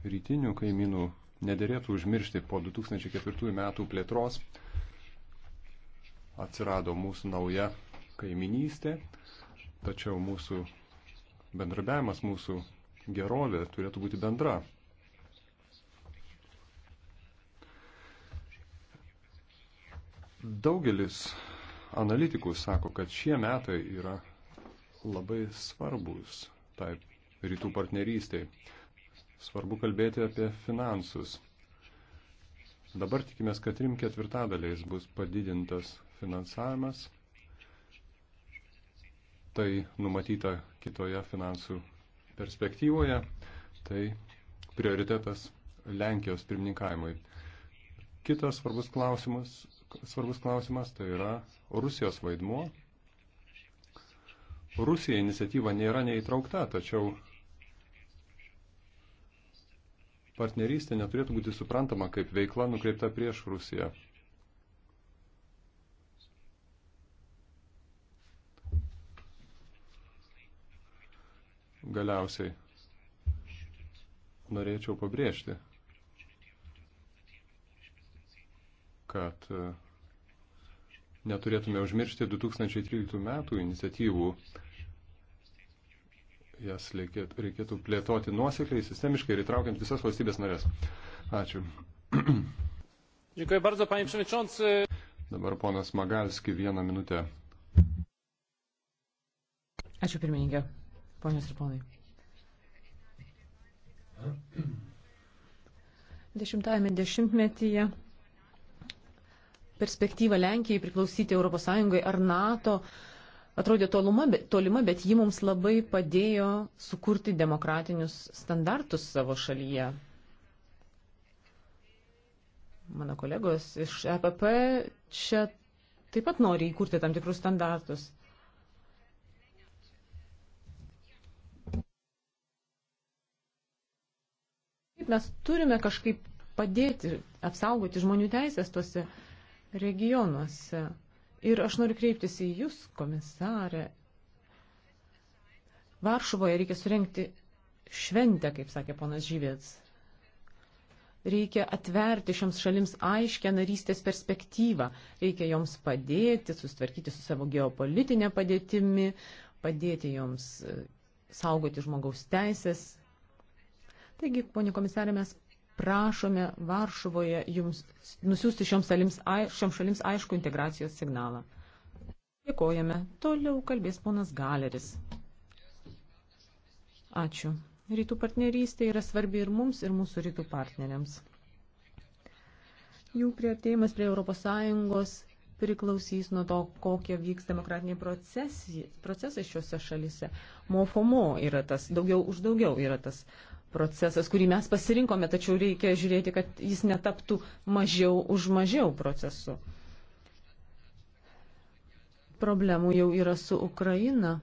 rytinių kaimynų nederėtų užmiršti po 2004 metų plėtros. Atsirado mūsų nauja kaiminystė, tačiau mūsų bendrabiavimas, mūsų gerovė turėtų būti bendra. Daugelis analitikų sako, kad šie metai yra labai svarbus tai rytų partnerystiai. Svarbu kalbėti apie finansus. Dabar tikimės, kad trim ketvirtadaliais bus padidintas finansavimas. Tai numatyta kitoje finansų perspektyvoje. Tai prioritetas Lenkijos pirmininkavimui. Kitas svarbus klausimas, svarbus klausimas tai yra Rusijos vaidmuo Rusija iniciatyva nėra neįtraukta, tačiau partnerystė neturėtų būti suprantama kaip veikla nukreipta prieš Rusiją. Galiausiai norėčiau pabrėžti, kad neturėtume užmiršti 2013 metų iniciatyvų. Jas reikėtų plėtoti nuosekliai, sistemiškai ir įtraukiant visas valstybės narės. Ačiū. Dziękuję bardzo, panie przewodniczący. Dabar ponas Magalski, vieną minutę. Ačiū pirmininkė, ponios ir ponai. Dešimtajame dešimtmetyje perspektyva Lenkijai priklausyti ES ar NATO atrodė toluma, tolima, bet ji mums labai padėjo sukurti demokratinius standartus savo šalyje. Mano kolegos iš EPP čia taip pat nori įkurti tam tikrus standartus. Mes turime kažkaip padėti apsaugoti žmonių teisės tuose regionuose. Ir aš noriu kreiptis į Jūs, komisarė. Varšuvoje reikia surenkti šventę, kaip sakė ponas Žyvėts. Reikia atverti šioms šalims aiškę narystės perspektyvą. Reikia joms padėti, sustvarkyti su savo geopolitinė padėtimi, padėti joms e, saugoti žmogaus teisės. Taigi, ponė komisarė, mes prašome Varšuvoje jums nusiųsti šioms šalims, šioms šalims aišku integracijos signalą. Dėkojame. Toliau kalbės ponas Galeris. Ačiū. Rytų partnerystė yra svarbi ir mums, ir mūsų rytų partneriams. Jų prieartėjimas prie ES priklausys nuo to, kokie vyks demokratiniai procesai šiuose šalise. Mofomo yra tas, daugiau už daugiau yra tas procesas, kurį mes pasirinkome, tačiau reikia žiūrėti, kad jis netaptų mažiau už mažiau procesu. Problemų jau yra su Ukraina,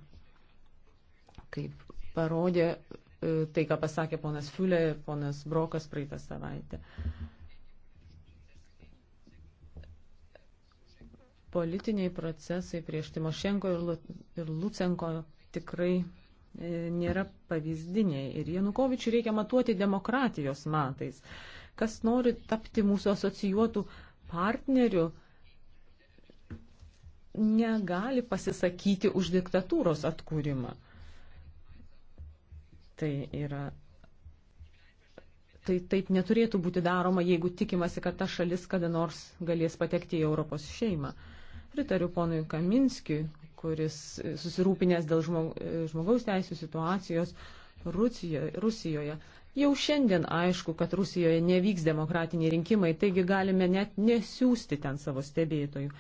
kaip parodė e, tai, ką pasakė ponas Fiulė ir ponas Brokas praeitą savaitę. Politiniai procesai prieš Timošenko ir Lucenko tikrai E, nėra pavyzdiniai ir Janukovičių reikia matuoti demokratijos matais. Kas nori tapti mūsų asocijuotų partnerių, negali pasisakyti už diktatūros atkūrimą. Tai yra. Tai taip neturėtų būti daroma, jeigu tikimasi, kad ta šalis kada nors galės patekti į Europos šeimą. Pritariu ponui Kaminskiui, kuris susirūpinęs dėl žmogaus teisų situacijos Rusijoje. Jau šiandien aišku, kad Rusijoje nevyks demokratiniai rinkimai, taigi galime net nesiųsti ten savo stebėtojų.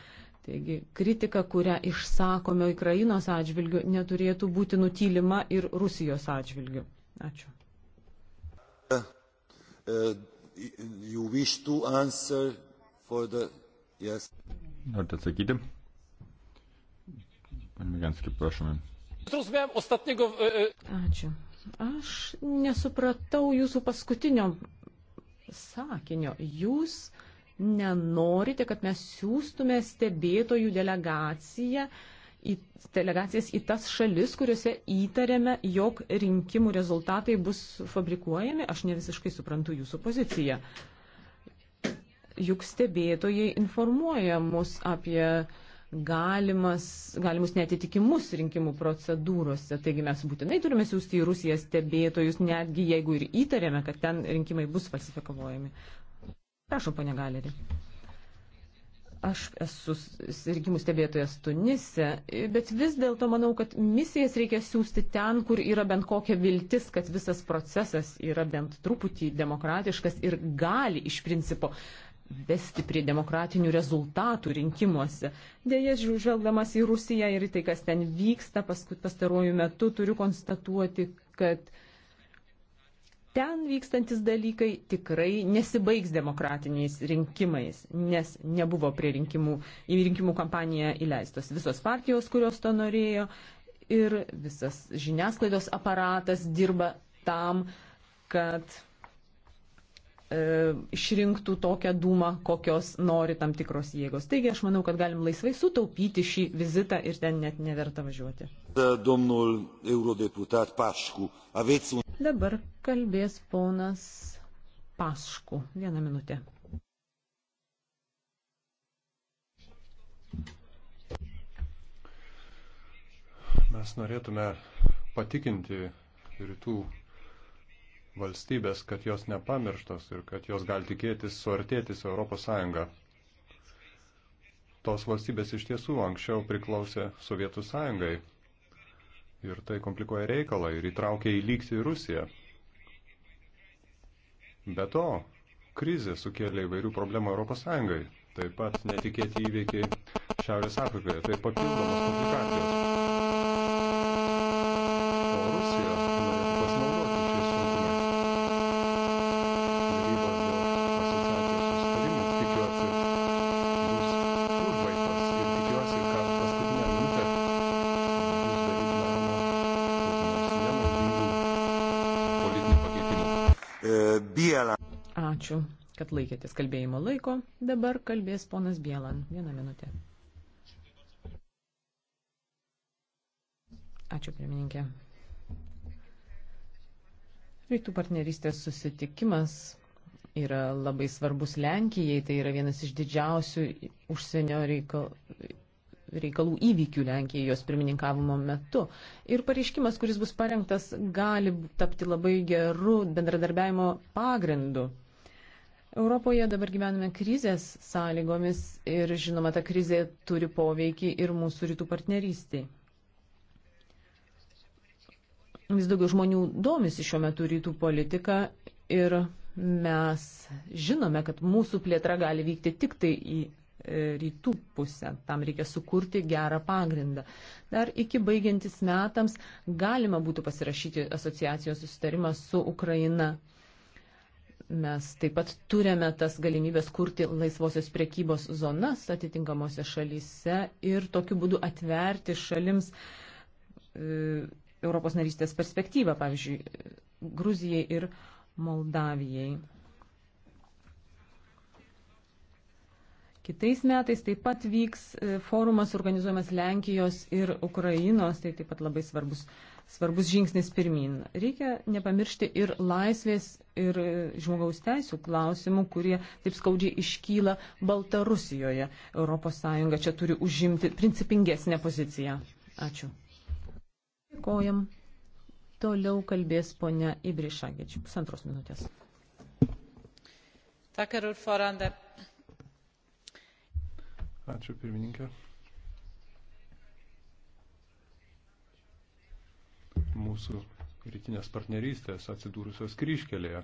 Taigi kritika, kurią išsakome Ukrainos atžvilgiu, neturėtų būti nutylima ir Rusijos atžvilgiu. Ačiū. Uh, uh, the... yes. Norite atsakyti? Miganskį, prašome. E, Ačiū. Aš nesupratau jūsų paskutinio sakinio. Jūs nenorite, kad mes siūstume stebėtojų delegaciją į delegacijas į tas šalis, kuriuose įtariame, jog rinkimų rezultatai bus fabrikuojami. Aš ne visiškai suprantu jūsų poziciją. Juk stebėtojai informuoja mus apie uh, galimas, galimus netitikimus rinkimų procedūrose. Taigi mes būtinai turime siūsti į Rusiją stebėtojus, netgi jeigu ir įtarėme, kad ten rinkimai bus falsifikavojami. Prašom, ponė Galerį. Aš esu rinkimų stebėtojas Tunise, bet vis dėlto manau, kad misijas reikia siūsti ten, kur yra bent kokia viltis, kad visas procesas yra bent truputį demokratiškas ir gali iš principo uh, vesti prie demokratinių rezultatų rinkimuose. Deja, žvelgdamas į Rusiją ir tai, kas ten vyksta pastaruoju metu, turiu konstatuoti, kad ten vykstantis dalykai tikrai nesibaigs demokratiniais rinkimais, nes nebuvo prie rinkimų, į rinkimų kampaniją įleistos visos partijos, kurios to norėjo ir visas žiniasklaidos aparatas dirba tam, kad E, išrinktų tokią dūmą, kokios nori tam tikros jėgos. Taigi aš manau, kad galim laisvai sutaupyti šį vizitą ir ten net neverta važiuoti. Dabar kalbės ponas Pašku. Vieną minutę. Mes norėtume patikinti rytų valstybės, kad jos nepamirštos ir kad jos gali tikėtis suartėti su Europos Sąjunga. Tos valstybės iš tiesų anksčiau priklausė Sovietų Sąjungai ir tai komplikuoja reikalą ir įtraukia į lygti Rusiją. Be to, krizė sukėlė įvairių problemų Europos Sąjungai. Taip pat netikėti įveikiai Šiaurės Afrikoje. Tai papildomos komplikacijos. laikėtės kalbėjimo laiko. Dabar kalbės ponas Bielan. Vieną minutę. Ačiū, pirmininkė. Rytų partnerystės susitikimas yra labai svarbus Lenkijai, tai yra vienas iš didžiausių užsienio reikalų reikalų įvykių Lenkijai jos pirmininkavimo metu. Ir pareiškimas, kuris bus parengtas, gali tapti labai geru bendradarbiavimo pagrindu Europoje dabar gyvename krizės sąlygomis ir žinoma, ta krizė turi poveikį ir mūsų rytų partnerystiai. Vis daugiau žmonių domisi šiuo metu rytų politika ir mes žinome, kad mūsų plėtra gali vykti tik tai į e, rytų pusę. Tam reikia sukurti gerą pagrindą. Dar iki baigiantis metams galima būtų pasirašyti asociacijos susitarimą su Ukraina mes taip pat turime tas galimybės kurti laisvosios priekybos zonas atitinkamose šalyse ir tokiu būdu atverti šalims e, Europos narystės perspektyvą, pavyzdžiui, Gruzijai ir Moldavijai. Kitais metais taip pat vyks e, forumas organizuojamas Lenkijos ir Ukrainos, tai taip pat labai svarbus svarbus žingsnis pirmin. Reikia nepamiršti ir laisvės ir e, žmogaus teisų klausimų, kurie taip skaudžiai iškyla Baltarusijoje. ES čia turi užimti principingesnę poziciją. Ačiū. Dėkojam. Toliau kalbės ponia Ibrišagič. Pusantros minutės. Ačiū pirmininkė. mūsų rytinės partnerystės atsidūrusios kryškelėje.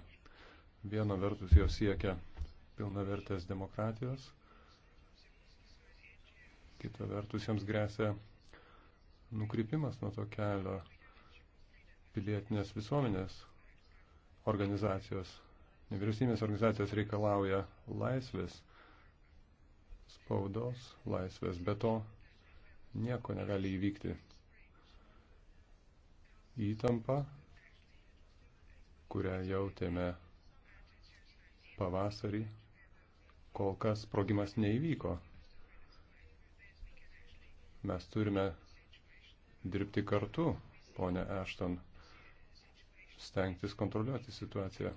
Viena vertus jos siekia pilna vertės demokratijos, kita vertus jiems grėsia nukrypimas nuo to kelio pilietinės visuomenės organizacijos. Nevyriausybinės organizacijos reikalauja laisvės, spaudos laisvės, be to nieko negali įvykti įtampa, kurią jautėme pavasarį, kol kas sprogimas neįvyko. Mes turime dirbti kartu, ponė Ešton, stengtis kontroliuoti situaciją.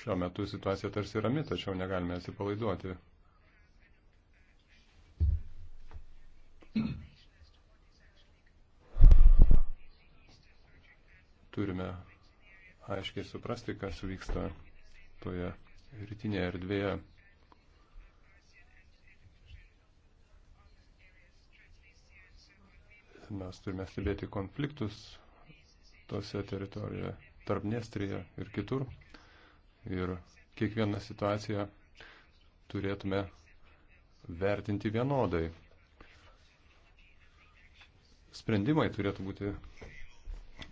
Šiuo metu situacija tarsi rami, tačiau negalime atsipalaiduoti. Turime aiškiai suprasti, kas vyksta toje rytinėje erdvėje. Mes turime stebėti konfliktus tose teritorijoje, Tarpnestrija ir kitur. Ir kiekvieną situaciją turėtume vertinti vienodai. Sprendimai turėtų būti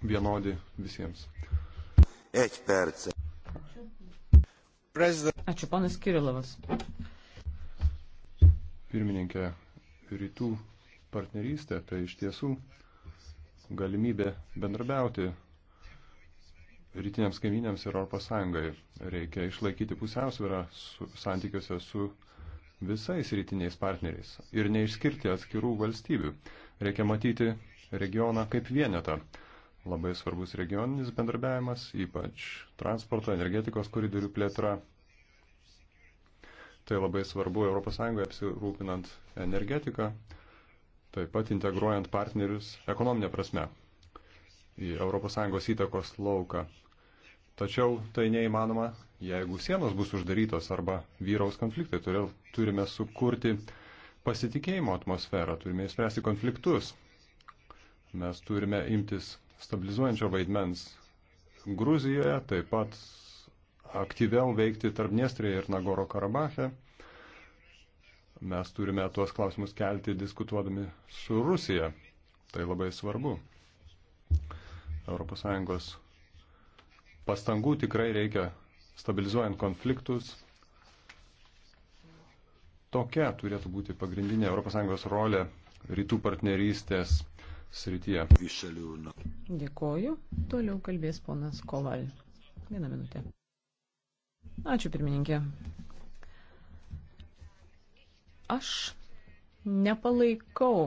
vienodi visiems. Ačiū, ponas Kirilovas. Pirmininkė, rytų partnerystė tai iš tiesų galimybė bendrabiauti rytiniams kaimynėms ir Europos Sąjungai. Reikia išlaikyti pusiausvyrą santykiuose su visais rytiniais partneriais ir neišskirti atskirų valstybių. Reikia matyti regioną kaip vienetą labai svarbus regioninis bendrabiavimas, ypač transporto, energetikos koridorių plėtra. Tai labai svarbu ES apsirūpinant energetiką, taip pat integruojant partnerius ekonominė prasme į ES įtakos lauką. Tačiau tai neįmanoma, jeigu sienos bus uždarytos arba vyraus konfliktai. Todėl turime sukurti pasitikėjimo atmosferą, turime įspręsti konfliktus. Mes turime imtis stabilizuojančio vaidmens Gruzijoje, taip pat aktyviau veikti Tarpniestrėje ir Nagoro Karabache. Mes turime tuos klausimus kelti diskutuodami su Rusija. Tai labai svarbu. ES pastangų tikrai reikia stabilizuojant konfliktus. Tokia turėtų būti pagrindinė ES rolė rytų partnerystės srityje. Dėkoju. Toliau kalbės ponas Koval. Vieną minutę. Ačiū pirmininkė. Aš nepalaikau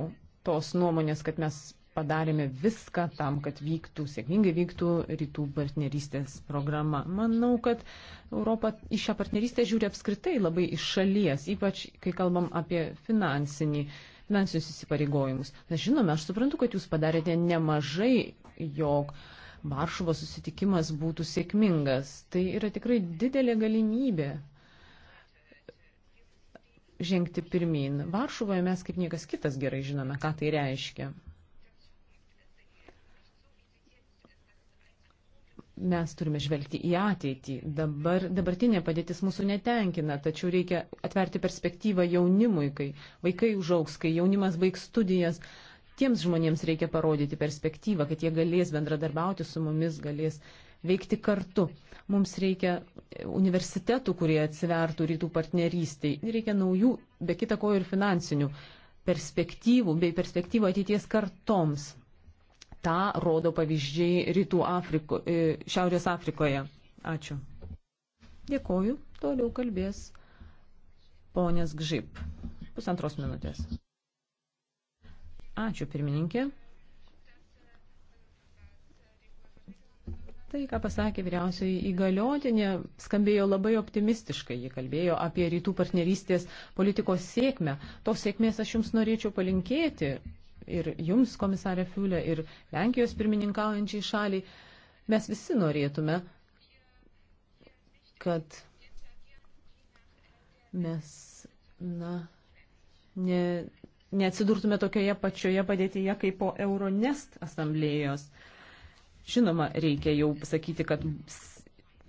tos nuomonės, kad mes padarėme viską tam, kad vyktų, sėkmingai vyktų rytų partnerystės programa. Manau, kad Europa į šią partnerystę žiūri apskritai labai iš šalies, ypač kai kalbam apie finansinį uh, finansinius įsipareigojimus. Mes žinome, aš suprantu, kad jūs padarėte nemažai, jog Varšuvos susitikimas būtų sėkmingas. Tai yra tikrai didelė galimybė žengti pirmin. Varšuvoje mes kaip niekas kitas gerai žinome, ką tai reiškia. mes turime žvelgti į ateitį. Dabar, dabartinė padėtis mūsų netenkina, tačiau reikia atverti perspektyvą jaunimui, kai vaikai užauks, kai jaunimas baigs studijas. Tiems žmonėms reikia parodyti perspektyvą, kad jie galės bendradarbiauti su mumis, galės veikti kartu. Mums reikia universitetų, kurie atsivertų rytų partnerystiai. Reikia naujų, be kita ko ir finansinių perspektyvų bei perspektyvų ateities kartoms Ta rodo pavyzdžiai Rytų Afriko, e, Šiaurės Afrikoje. Ačiū. Dėkoju. Toliau kalbės ponės Gžip. Pusantros minutės. Ačiū, pirmininkė. Tai, ką pasakė vyriausioji įgaliotinė, skambėjo labai optimistiškai. Ji kalbėjo apie rytų partnerystės politikos sėkmę. Tos sėkmės aš jums norėčiau palinkėti ir jums, komisarė Fiulė, ir Lenkijos pirmininkaujančiai šaliai. Mes visi norėtume, kad mes, na, ne, neatsidurtume tokioje pačioje padėtyje kaip po Euronest asamblėjos. Žinoma, reikia jau sakyti, kad,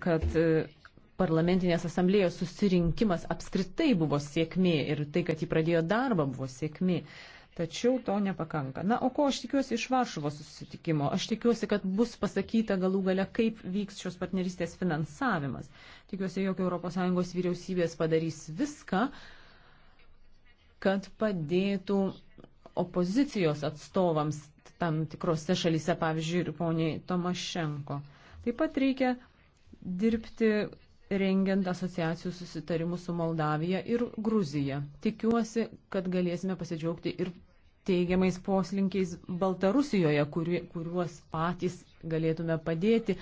kad e, parlamentinės asamblėjos susirinkimas apskritai buvo sėkmė ir tai, kad jį pradėjo darbą, buvo sėkmė. Tačiau to nepakanka. Na, o ko aš tikiuosi iš Varšuvos susitikimo? Aš tikiuosi, kad bus pasakyta galų gale, kaip vyks šios partnerystės finansavimas. Tikiuosi, jog ES vyriausybės padarys viską, kad padėtų opozicijos atstovams tam tikrose šalyse, pavyzdžiui, ir poniai Tomašenko. Taip pat reikia dirbti rengiant asociacijų susitarimus su Moldavija ir Gruzija. Tikiuosi, kad galėsime pasidžiaugti ir teigiamais poslinkiais Baltarusijoje, kuri, kuriuos patys galėtume padėti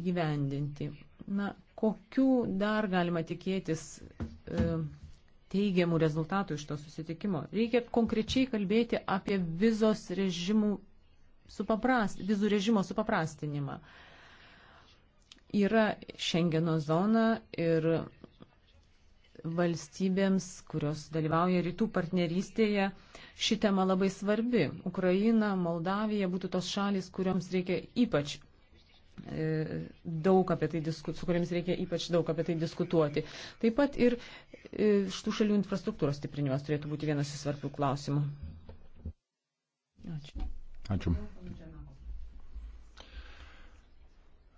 įgyvendinti. Na, kokių dar galima tikėtis e, teigiamų rezultatų iš to susitikimo? Reikia konkrečiai kalbėti apie vizos režimų supaprast, vizų režimo supaprastinimą. E, yra Šengeno zona ir valstybėms, kurios dalyvauja rytų partnerystėje, ši tema labai svarbi. Ukraina, Moldavija būtų tos šalis, kurioms reikia ypač e, daug apie tai diskutuoti, su kuriamis reikia ypač daug apie tai diskutuoti. Taip pat ir e, šitų šalių infrastruktūros stiprinimas turėtų būti vienas iš svarbių klausimų. Ačiū. Ačiū.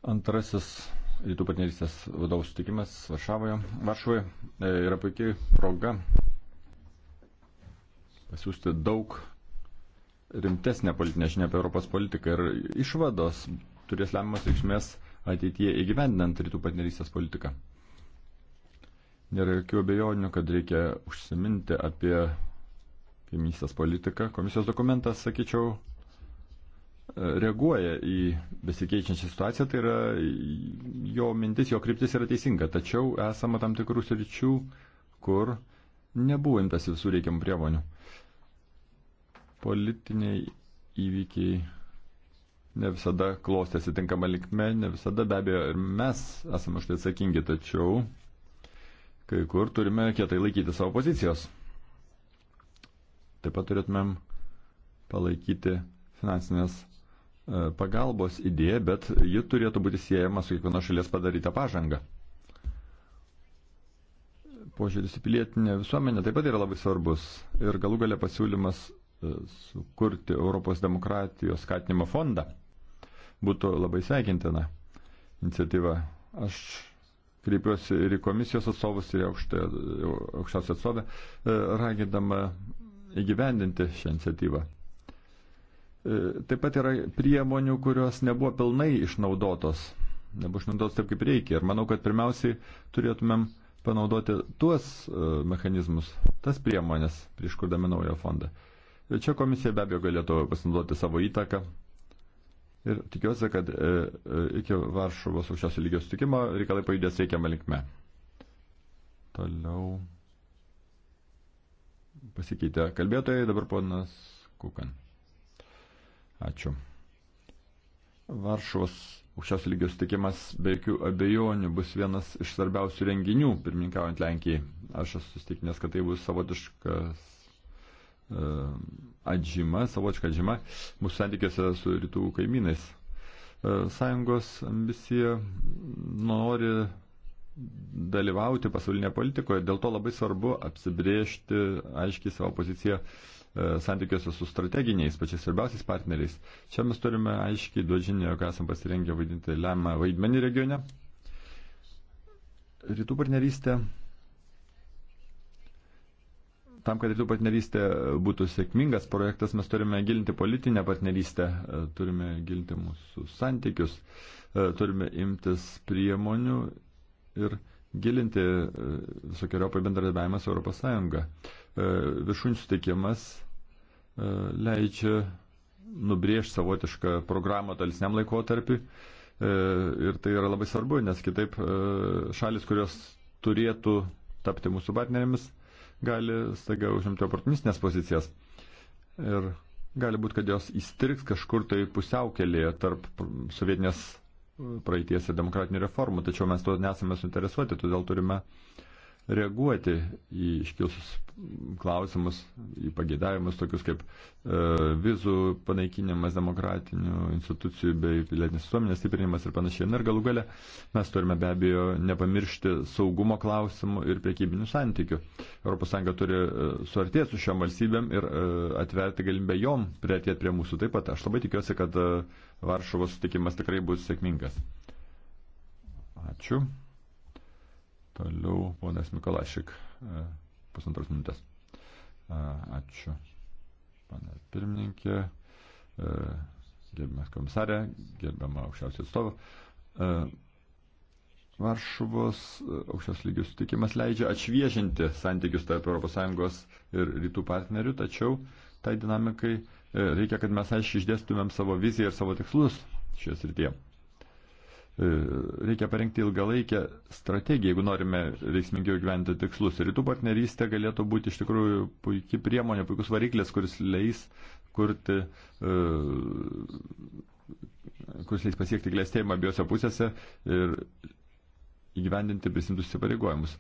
Antrasis rytų partnerystės vadovų sutikimas Varšavoje. Varšavoje yra puikiai proga pasiūsti daug rimtesnę politinę žinią apie Europos politiką ir išvados turės lemiamas reikšmės ateityje įgyvendinant rytų partnerystės politiką. Nėra jokių abejonių, kad reikia užsiminti apie kaimynystės politiką. Komisijos dokumentas, sakyčiau, reaguoja į besikeičiančią situaciją, tai yra jo mintis, jo kryptis yra teisinga, tačiau esama tam tikrų sričių, kur nebuvo imtas visų reikiamų priemonių. Politiniai įvykiai ne visada klostėsi tinkama linkme, ne visada be abejo ir mes esame už tai atsakingi, tačiau kai kur turime kietai laikyti savo pozicijos. Taip pat turėtumėm palaikyti finansinės E, pagalbos idėja, bet ji turėtų būti siejama su kiekviena šalies padaryta pažanga. Požiūris į pilietinę visuomenę taip pat yra labai svarbus ir galų galę pasiūlymas e, sukurti Europos demokratijos skatinimo fondą būtų labai sveikintina iniciatyva. Aš kreipiuosi ir į komisijos atstovus, ir į aukštą, aukščiausią atstovę, e, ragindama įgyvendinti šią iniciatyvą. E, taip pat yra priemonių, kurios nebuvo pilnai išnaudotos, nebuvo išnaudotos taip, kaip reikia. Ir manau, kad pirmiausiai turėtumėm panaudoti tuos e, mechanizmus, tas priemonės, prieš kurdami naują fondą. Ir čia komisija be abejo galėtų pasinaudoti savo įtaką. Ir tikiuosi, kad e, iki Varšuvos aukščiausio lygio sutikimo reikalai pajudės reikiamą linkme. Toliau pasikeitė kalbėtojai, dabar ponas Kukan. Ačiū. Varšuvos aukščiausio lygio sutikimas be jokių abejonių bus vienas iš svarbiausių renginių, pirmininkaujant Lenkijai. Aš esu susitikinęs, kad tai bus savotiškas uh, atžyma, savotiška atžyma mūsų santykiuose su rytų kaimynais. Uh, sąjungos ambicija nori dalyvauti pasaulinėje politikoje, dėl to labai svarbu apsibriežti aiškiai savo poziciją uh, E, santykiuose su strateginiais, pačiais svarbiausiais partneriais. Čia mes turime aiškiai duodžinį, jog esam pasirengę vaidinti lemą vaidmenį regione. Rytų partnerystė. Tam, kad rytų partnerystė būtų sėkmingas projektas, mes turime gilinti politinę partnerystę, e, turime gilinti mūsų santykius, e, turime imtis priemonių ir gilinti visokiojopai bendradarbiavimą su ES. E, viršūnių sutikimas e, leidžia nubriežti savotišką programą talisniam laikotarpiu. E, ir tai yra labai svarbu, nes kitaip šalis, kurios turėtų tapti mūsų partnerėmis, gali staiga užimti oportunistinės pozicijas. Ir gali būti, kad jos įstriks kažkur tai pusiaukelėje tarp sovietinės praeities ir demokratinių reformų, tačiau mes to nesame suinteresuoti, todėl turime uh, reaguoti į iškilusius klausimus, į pagėdavimus tokius kaip e, vizų panaikinimas demokratinių institucijų bei pilietinės visuomenės stiprinimas ir panašiai. Na ir galų gale mes turime be abejo nepamiršti saugumo klausimų ir priekybinių santykių. ES turi e, suartėti su šiom valstybėm ir e, atverti galimybę jom prieartėti prie mūsų taip pat. Aš labai tikiuosi, kad e, Varšuvos sutikimas tikrai bus sėkmingas. Ačiū. Toliau ponas Mikolašik, e, pusantros minutės. E, ačiū, pana pirmininkė, e, gerbiamas komisarė, gerbiama aukščiausiai atstovą. Varšuvos aukščios lygių sutikimas leidžia atšviežinti santykius tarp ES ir rytų partnerių, tačiau tai dinamikai reikia, kad mes aiškiai išdėstumėm savo viziją ir savo tikslus šioje srityje. E, reikia parengti ilgalaikę strategiją, jeigu norime veiksmingiau gyventi tikslus. Rytų partnerystė galėtų būti iš tikrųjų puikia priemonė, puikus variklis, kuris leis kurti, e, kuris leis pasiekti klėstėjimą abiejose pusėse ir įgyvendinti prisimtus įsipareigojimus.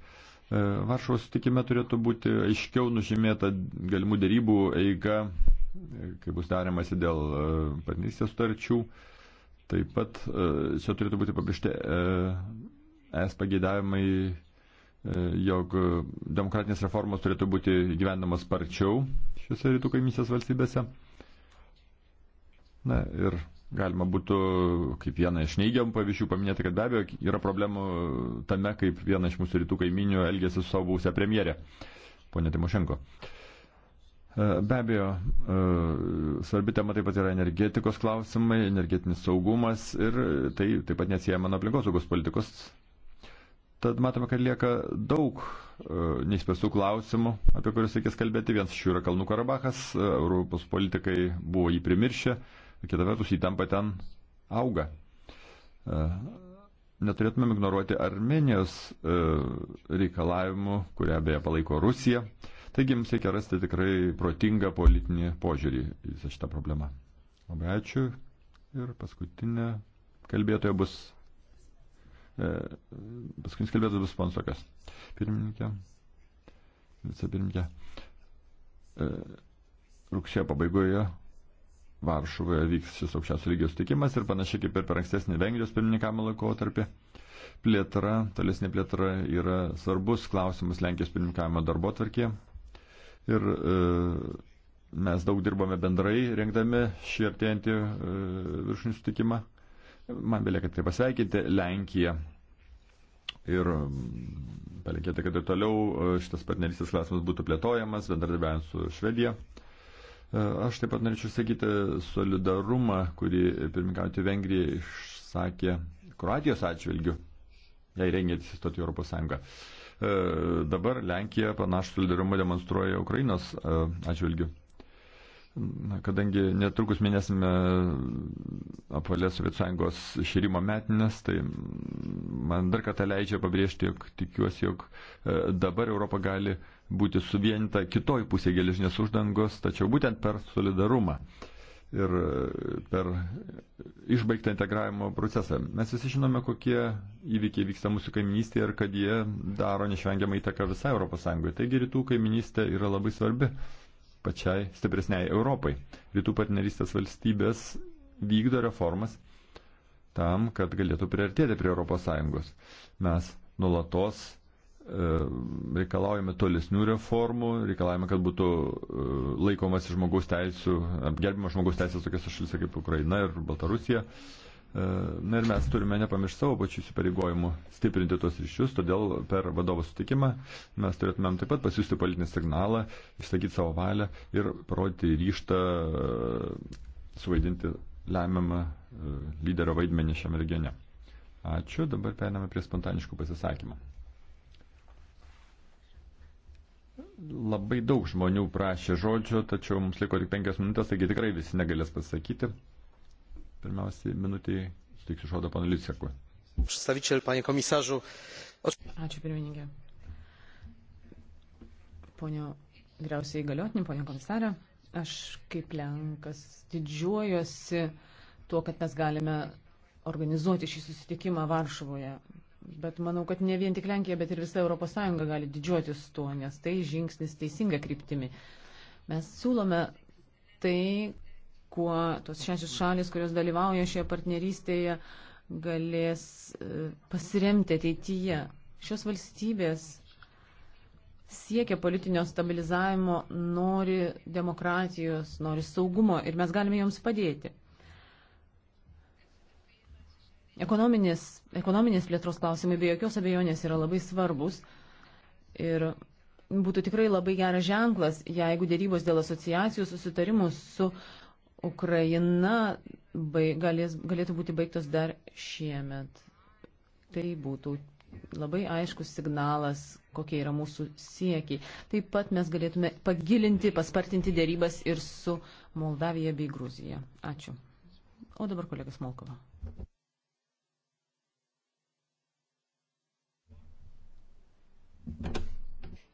E, Varšuvos sutikime turėtų būti aiškiau nužymėta galimų dėrybų eiga, kai bus daromasi dėl partnerystės sutarčių. Taip pat e, čia turėtų būti pabrėžti e, es pageidavimai, e, jog demokratinės reformos turėtų būti gyvenamos sparčiau šiuose rytų kaimynės valstybėse. Na ir galima būtų kaip vieną iš neigiamų pavyzdžių paminėti, kad be abejo yra problemų tame, kaip viena iš mūsų rytų kaiminių elgėsi su savo būsę premjerė, ponė Timošenko. Uh, E, be abejo, e, svarbi tema taip pat yra energetikos klausimai, energetinis saugumas ir tai taip pat neatsiejama nuo aplinkosaugos politikos. Tad matome, kad lieka daug e, neįspręstų klausimų, apie kuriuos reikės kalbėti. Vienas iš jų yra Kalnų Karabachas, Europos politikai buvo jį primiršę, kita vertus įtampa ten auga. Neturėtumėm ignoruoti Armenijos reikalavimų, kurią beje palaiko Rusija. Taigi jums reikia rasti tikrai protingą politinį požiūrį į visą šitą problemą. Labai ačiū. Ir paskutinė kalbėtoja bus. E, paskutinis kalbėtojas bus sponsokas. Pirmininkė. Vicepirmininkė. E, rugsėjo pabaigoje Varšuvoje vyks šis aukščiausio lygio sutikimas ir panašiai kaip ir per ankstesnį Vengrijos pirmininkavimo laikotarpį. Plėtra, tolesnė plėtra yra svarbus klausimas Lenkijos pirmininkavimo darbo tvarkėje. Ir e, mes daug dirbame bendrai, rengdami šį artėjantį e, viršinių sutikimą. Man belieka tai pasveikinti Lenkiją. Ir mm, palinkėti, kad ir toliau e, šitas partnerystės klausimas būtų plėtojamas, bendradarbiaujant su Švedija. Aš taip pat norėčiau sakyti solidarumą, kurį pirmininkauti Vengrija išsakė Kroatijos atžvilgių, jei rengėtis įstoti Europos Sąjungą. Uh, E, dabar Lenkija panašų solidarumą demonstruoja Ukrainos e, atžvilgiu. Kadangi netrukus minėsime apvalės Sovietų Sąjungos širimo metinės, tai man dar kartą leidžia pabrėžti, jog tikiuosi, jog e, dabar Europa gali būti suvienita kitoj pusėje geležinės uždangos, tačiau būtent per solidarumą ir e, per išbaigtą integravimo procesą. Mes visi žinome, kokie įvykiai vyksta mūsų kaiminystėje ir kad jie daro neišvengiamą įtaką visai ES. Taigi rytų kaiminystė yra labai svarbi pačiai stipresniai Europai. Rytų partnerystės valstybės vykdo reformas tam, kad galėtų priartėti prie ES. Mes nulatos Ehm, reikalaujame tolesnių reformų, reikalaujame, kad būtų ehm, laikomas žmogaus teisų, apgerbimas žmogaus teisės tokiose šalise kaip Ukraina ir Baltarusija. Ehm, na ir mes turime nepamiršti savo pačių įsipareigojimų stiprinti tos ryšius, todėl per vadovų sutikimą mes turėtumėm taip pat pasiūsti politinį signalą, išsakyti savo valią ir parodyti ryštą suvaidinti lemiamą lyderio vaidmenį šiame regione. Ačiū, dabar perėmėme prie spontaniškų pasisakymų. Labai daug žmonių prašė žodžio, tačiau mums liko tik penkias minutės, taigi tikrai visi negalės pasakyti. Pirmiausiai minutį suteiksiu žodą panu Liusekui. Ačiū pirmininkė. Pone vyriausiai įgaliotinį, pone komisarė, aš kaip Lenkas didžiuojuosi tuo, kad mes galime organizuoti šį susitikimą Varšuvoje. Bet manau, kad ne vien tik Lenkija, bet ir visa ES gali didžiuotis tuo, nes tai žingsnis teisinga kryptimi. Mes siūlome tai, kuo tos šešios šalis, kurios dalyvauja šioje partnerystėje, galės e, pasiremti ateityje. Šios valstybės siekia politinio stabilizavimo, nori demokratijos, nori saugumo ir mes galime joms padėti. Ekonominės, ekonominės plėtros klausimai be jokios abejonės yra labai svarbus ir būtų tikrai labai geras ženklas, jeigu dėrybos dėl asociacijų susitarimų su Ukraina baig, galės, galėtų būti baigtos dar šiemet. Tai būtų labai aiškus signalas, kokie yra mūsų siekiai. Taip pat mes galėtume pagilinti, paspartinti dėrybas ir su Moldavija bei Gruzija. Ačiū. O dabar kolegas Molkova.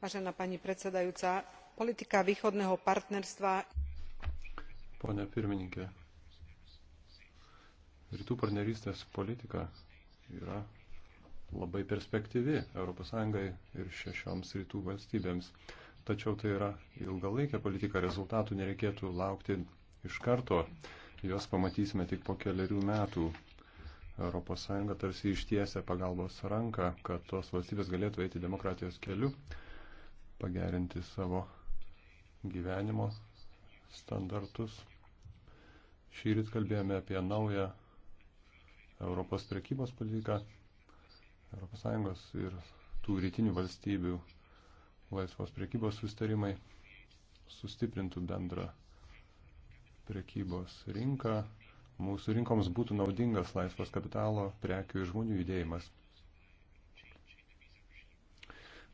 Vážená pani predsedajúca, politika východného partnerstva. Pone pirmininkė, rytų partnerystės politika yra labai perspektyvi ES ir šešioms rytų valstybėms. Tačiau tai yra ilgalaikė politika, rezultatų nereikėtų laukti iš karto, juos pamatysime tik po keliarių metų. ES tarsi ištiesia pagalbos ranką, kad tos valstybės galėtų eiti demokratijos keliu, pagerinti savo gyvenimo standartus. Šįryt kalbėjome apie naują Europos prekybos politiką, ES ir tų rytinių valstybių laisvos prekybos sustarimai sustiprintų bendrą prekybos rinką Mūsų rinkoms būtų naudingas laisvas kapitalo, prekių ir žmonių judėjimas.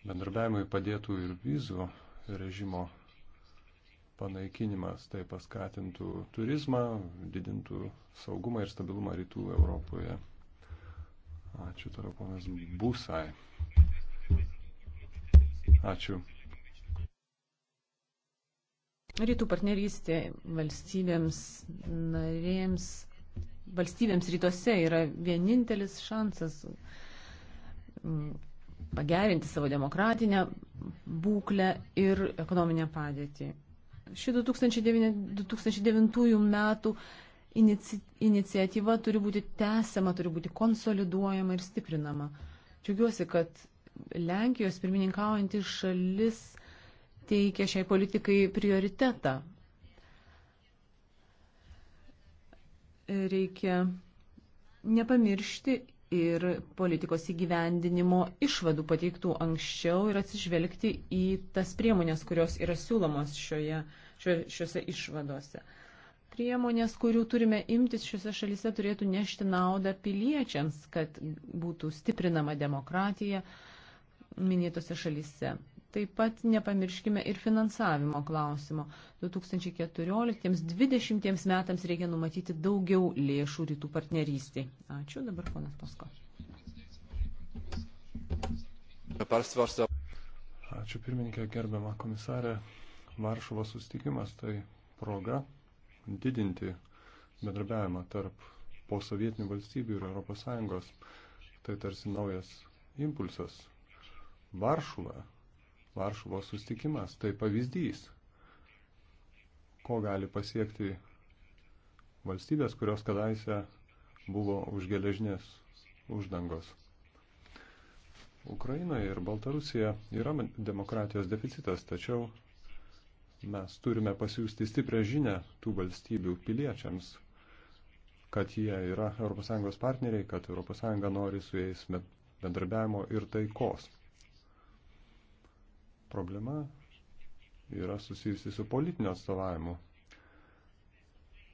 Bendarbiavimui padėtų ir vizų režimo panaikinimas, tai paskatintų turizmą, didintų saugumą ir stabilumą rytų Europoje. Ačiū, taraponas Busai. Ačiū. Rytų partnerystė valstybėms narėms, valstybėms rytuose yra vienintelis šansas mm, pagerinti savo demokratinę būklę ir ekonominę padėtį. Ši 2009, 2009 metų inici, iniciatyva turi būti tęsiama, turi būti konsoliduojama ir stiprinama. Džiugiuosi, kad Lenkijos pirmininkaujantis šalis teikia šiai politikai prioritetą. Reikia nepamiršti ir politikos įgyvendinimo išvadų pateiktų anksčiau ir atsižvelgti į tas priemonės, kurios yra siūlomos šioje, šio, šiuose išvadose. Priemonės, kurių turime imtis šiuose šalise, turėtų nešti naudą piliečiams, kad būtų stiprinama demokratija minėtose šalise. Taip pat nepamirškime ir finansavimo klausimo. 2014-2020 metams reikia numatyti daugiau lėšų rytų partnerystiai. Ačiū, dabar ponas Pasko. Ačiū pirmininkė, gerbiama komisarė. Varšuvo sustikimas tai proga didinti bendrabiavimą tarp posovietinių valstybių ir ES. Tai tarsi naujas impulsas. Varšuva Varšuvos sustikimas. Tai pavyzdys, ko gali pasiekti valstybės, kurios kadaise buvo už geležinės uždangos. Ukrainoje ir Baltarusija yra demokratijos deficitas, tačiau mes turime pasiūsti stiprią žinę tų valstybių piliečiams, kad jie yra ES partneriai, kad ES nori su jais bendradarbiavimo ir taikos. Problema yra susijusi su politinio atstovavimu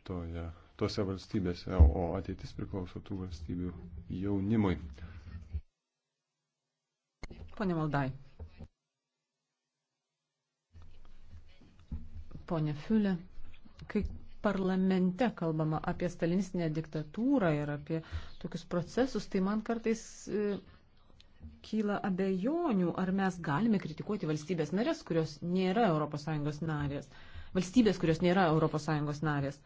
toje, tose valstybėse, o ateitis priklauso tų valstybių jaunimui. Pone Valdai. Pone Fiulė, kai parlamente kalbama apie stalinistinę diktatūrą ir apie tokius procesus, tai man kartais e, kyla abejonių, ar mes galime kritikuoti valstybės narės, kurios nėra ES narės. Valstybės, kurios nėra ES narės.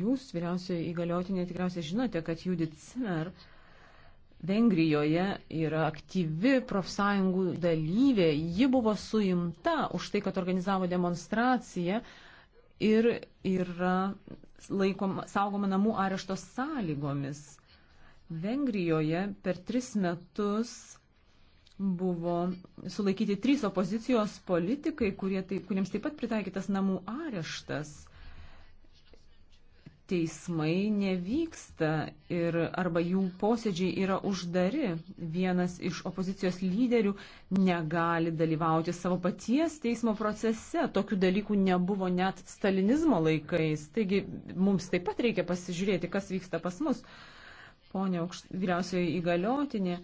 Jūs, vyriausioji įgaliotinė, tikriausiai žinote, kad Judith Zimmer Vengrijoje yra aktyvi profsąjungų dalyvė. Ji buvo suimta už tai, kad organizavo demonstraciją ir yra laikoma, saugoma namų arešto sąlygomis Vengrijoje per tris metus buvo sulaikyti trys opozicijos politikai, kurie, tai, kuriems taip pat pritaikytas namų areštas. Teismai nevyksta ir arba jų posėdžiai yra uždari. Vienas iš opozicijos lyderių negali dalyvauti savo paties teismo procese. Tokių dalykų nebuvo net stalinizmo laikais. Taigi mums taip pat reikia pasižiūrėti, kas vyksta pas mus. Uh, ponė vyriausioji įgaliotinė,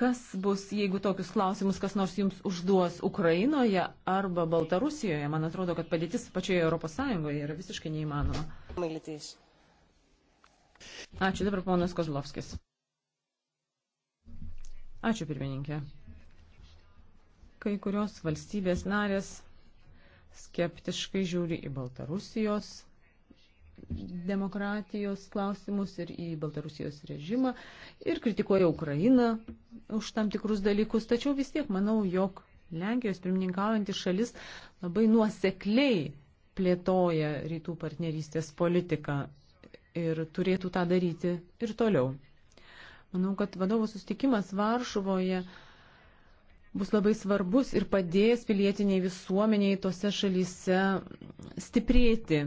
kas bus, jeigu tokius klausimus kas nors jums užduos Ukrainoje arba Baltarusijoje? Man atrodo, kad padėtis pačioje Europos Sąjungoje yra visiškai neįmanoma. Ačiū dabar ponas Kozlovskis. Ačiū pirmininkė. Kai kurios valstybės narės skeptiškai žiūri į Baltarusijos demokratijos klausimus ir į Baltarusijos režimą ir kritikuoja Ukrainą už tam tikrus dalykus, tačiau vis tiek manau, jog Lenkijos pirmininkaujantis šalis labai nuosekliai plėtoja rytų partnerystės politiką ir turėtų tą daryti ir toliau. Manau, kad vadovų sustikimas Varšuvoje bus labai svarbus ir padės pilietiniai visuomeniai tose šalyse stiprėti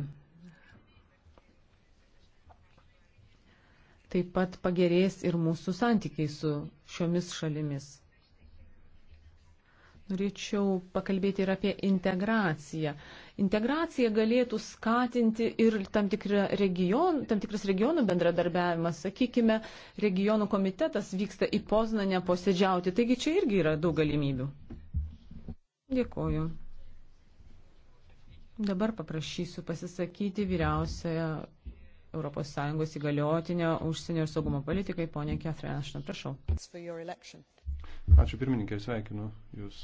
taip pat pagerės ir mūsų santykiai su šiomis šalimis. Norėčiau pakalbėti ir apie integraciją. Integracija galėtų skatinti ir tam, region, tam tikras regionų bendradarbiavimas. Sakykime, regionų komitetas vyksta į Poznanę posėdžiauti, taigi čia irgi yra daug galimybių. Dėkoju. Dabar paprašysiu pasisakyti vyriausiąją ES įgaliotinio užsienio ir saugumo politikai, ponė Catherine Ashton, prašau. Ačiū pirmininkė, sveikinu Jūs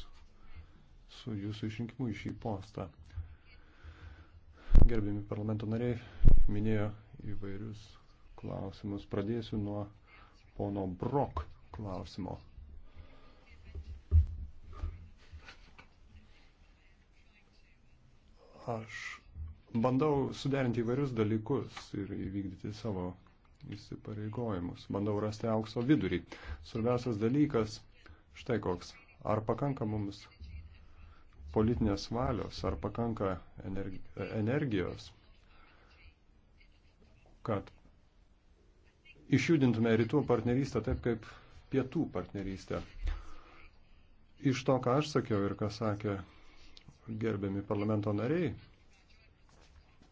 su Jūsų išrinkimu į šį postą. Gerbiami parlamento nariai minėjo įvairius klausimus. Pradėsiu nuo pono Brok klausimo. Aš Bandau suderinti įvairius dalykus ir įvykdyti savo įsipareigojimus. Bandau rasti aukso vidurį. Svarbiausias dalykas štai koks. Ar pakanka mums politinės valios, ar pakanka energijos, kad išjudintume rytų partnerystę taip kaip pietų partnerystę. Iš to, ką aš sakiau ir ką sakė gerbiami parlamento nariai,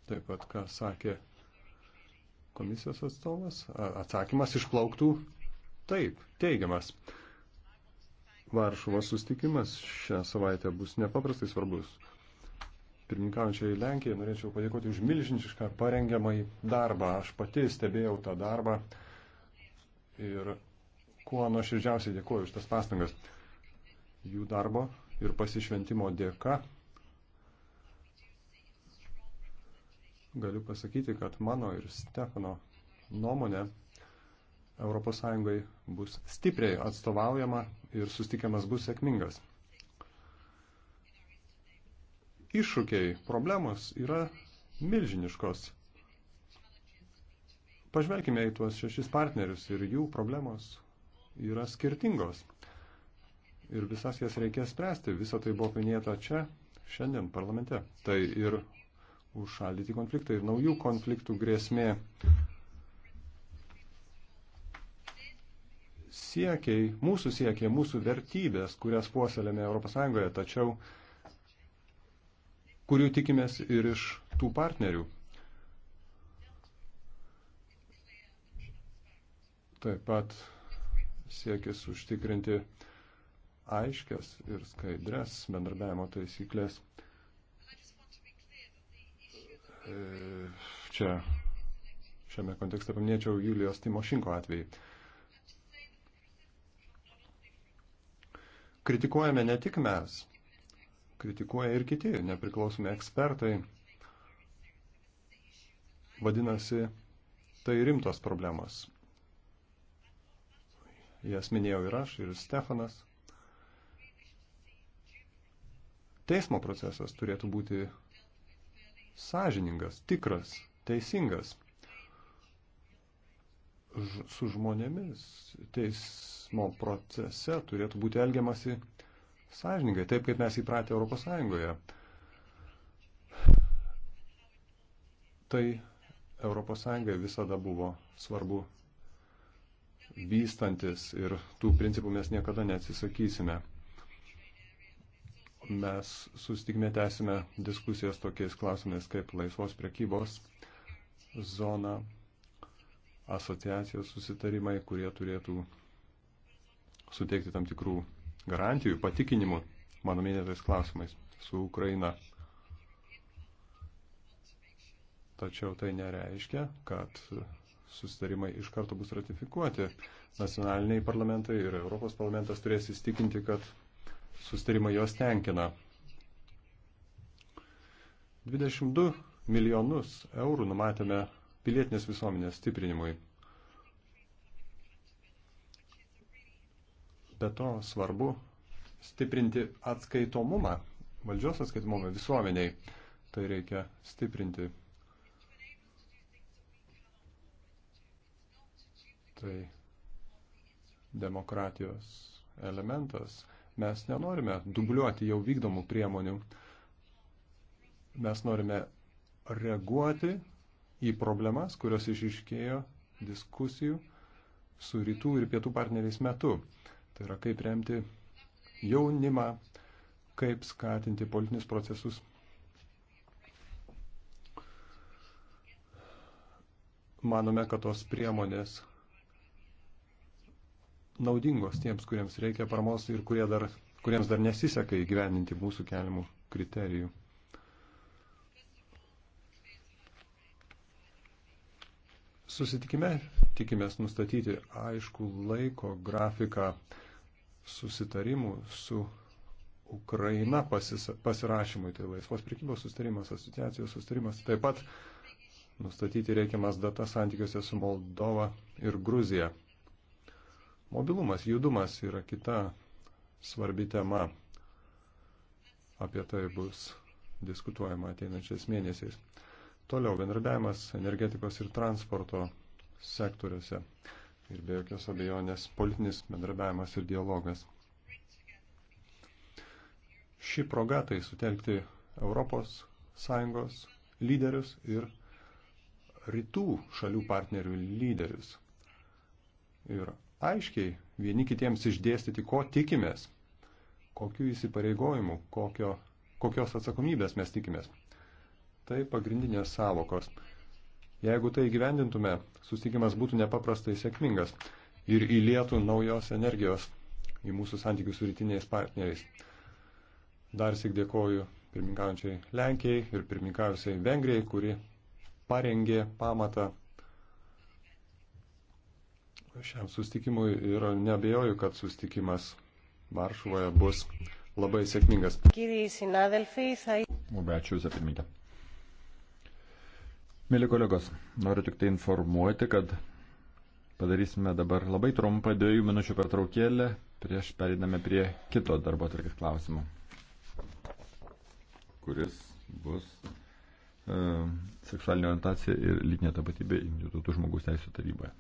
taip pat, ką sakė komisijos atstovas, atsakymas išplauktų taip, teigiamas. Varšuvos sustikimas šią savaitę bus nepaprastai svarbus. Pirminkaujančiai Lenkijai norėčiau padėkoti už milžinišką parengiamąjį darbą. Aš pati stebėjau tą darbą ir kuo nuoširdžiausiai dėkuoju už tas pastangas. Jų darbo ir pasišventimo dėka galiu pasakyti, kad mano ir Stefano nuomonė ES bus stipriai atstovaujama ir sustikimas bus sėkmingas. Iššūkiai, problemos yra milžiniškos. Pažvelkime į tuos šešis partnerius ir jų problemos yra skirtingos. Ir visas jas reikės spręsti. Visą tai buvo minėta čia, šiandien parlamente. Tai ir užšaldyti konfliktą ir naujų konfliktų grėsmė. Siekiai, mūsų siekiai, mūsų vertybės, kurias puoselėme ES, tačiau kurių tikimės ir iš tų partnerių. Taip pat siekis užtikrinti aiškias ir skaidres bendradarbiavimo taisyklės E, čia šiame kontekste paminėčiau Julijos Timošinko atvejį. Kritikuojame ne tik mes, kritikuoja ir kiti nepriklausomi ekspertai. Vadinasi, tai rimtos problemos. Jas minėjau ir aš, ir Stefanas. Teismo procesas turėtų būti sąžiningas, tikras, teisingas. Ž su žmonėmis teismo procese turėtų būti elgiamasi sąžiningai, taip kaip mes įpratę Europos Sąjungoje. Tai Europos Sąjungai visada buvo svarbu vystantis ir tų principų mes niekada neatsisakysime mes sustikime tęsime diskusijas tokiais klausimais kaip laisvos prekybos zona, asociacijos susitarimai, kurie turėtų suteikti tam tikrų garantijų, patikinimų, mano minėtais klausimais, su Ukraina. Tačiau tai nereiškia, kad susitarimai iš karto bus ratifikuoti. Nacionaliniai parlamentai ir Europos parlamentas turės įstikinti, kad sustarimai jos tenkina. 22 milijonus eurų numatėme pilietinės visuomenės stiprinimui. Be to svarbu stiprinti atskaitomumą, valdžios atskaitomumą visuomeniai. Tai reikia stiprinti. Tai demokratijos elementas. Mes nenorime dubliuoti jau vykdomų priemonių. Mes norime reaguoti į problemas, kurios išiškėjo diskusijų su rytų ir pietų partneriais metu. Tai yra kaip remti jaunimą, kaip skatinti politinius procesus. Manome, kad tos priemonės naudingos tiems, kuriems reikia paramos ir kurie dar, kuriems dar nesiseka įgyveninti mūsų keliamų kriterijų. Susitikime tikimės nustatyti aišku laiko grafiką susitarimų su Ukraina pasis, pasirašymui, tai laisvos prekybos sustarimas, asociacijos sustarimas, taip pat nustatyti reikiamas datas santykiuose su Moldova ir Gruzija. Mobilumas, judumas yra kita svarbi tema. Apie tai bus diskutuojama ateinančiais mėnesiais. Toliau bendradavimas energetikos ir transporto sektoriuose ir be jokios abejonės politinis bendradavimas ir dialogas. Ši proga tai sutelkti Europos Sąjungos lyderius ir rytų šalių partnerių lyderius. Ir aiškiai vieni kitiems išdėstyti, ko tikimės, kokiu įsipareigojimu, kokio, kokios atsakomybės mes tikimės. Tai pagrindinės savokos. Jeigu tai gyvendintume, susitikimas būtų nepaprastai sėkmingas ir įlėtų naujos energijos į mūsų santykius su rytiniais partneriais. Dar sik dėkoju pirmininkaujančiai Lenkijai ir pirmininkaujusiai Vengrijai, kuri parengė pamatą šiam sustikimui ir nebejoju, kad sustikimas Varšuvoje bus labai sėkmingas. Labai ačiū, Zepirmintė. Mėly kolegos, noriu tik tai informuoti, kad padarysime dabar labai trumpą dviejų minučių pertraukėlę prieš perėdame prie kito darbo atvarkės klausimo, kuris bus e, seksualinė orientacija ir lytinė tapatybė Junktinių tautų žmogaus teisų taryboje.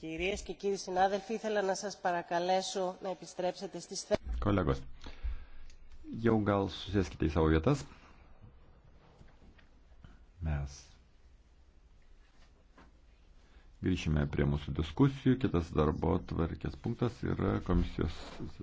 Κυρίες και κύριοι συνάδελφοι, ήθελα να σας παρακαλέσω να επιστρέψετε στις θέσεις. Kolegos, jau gal susėskite į savo vietas. Mes grįšime prie mūsų diskusijų. Kitas darbo tvarkės punktas yra komisijos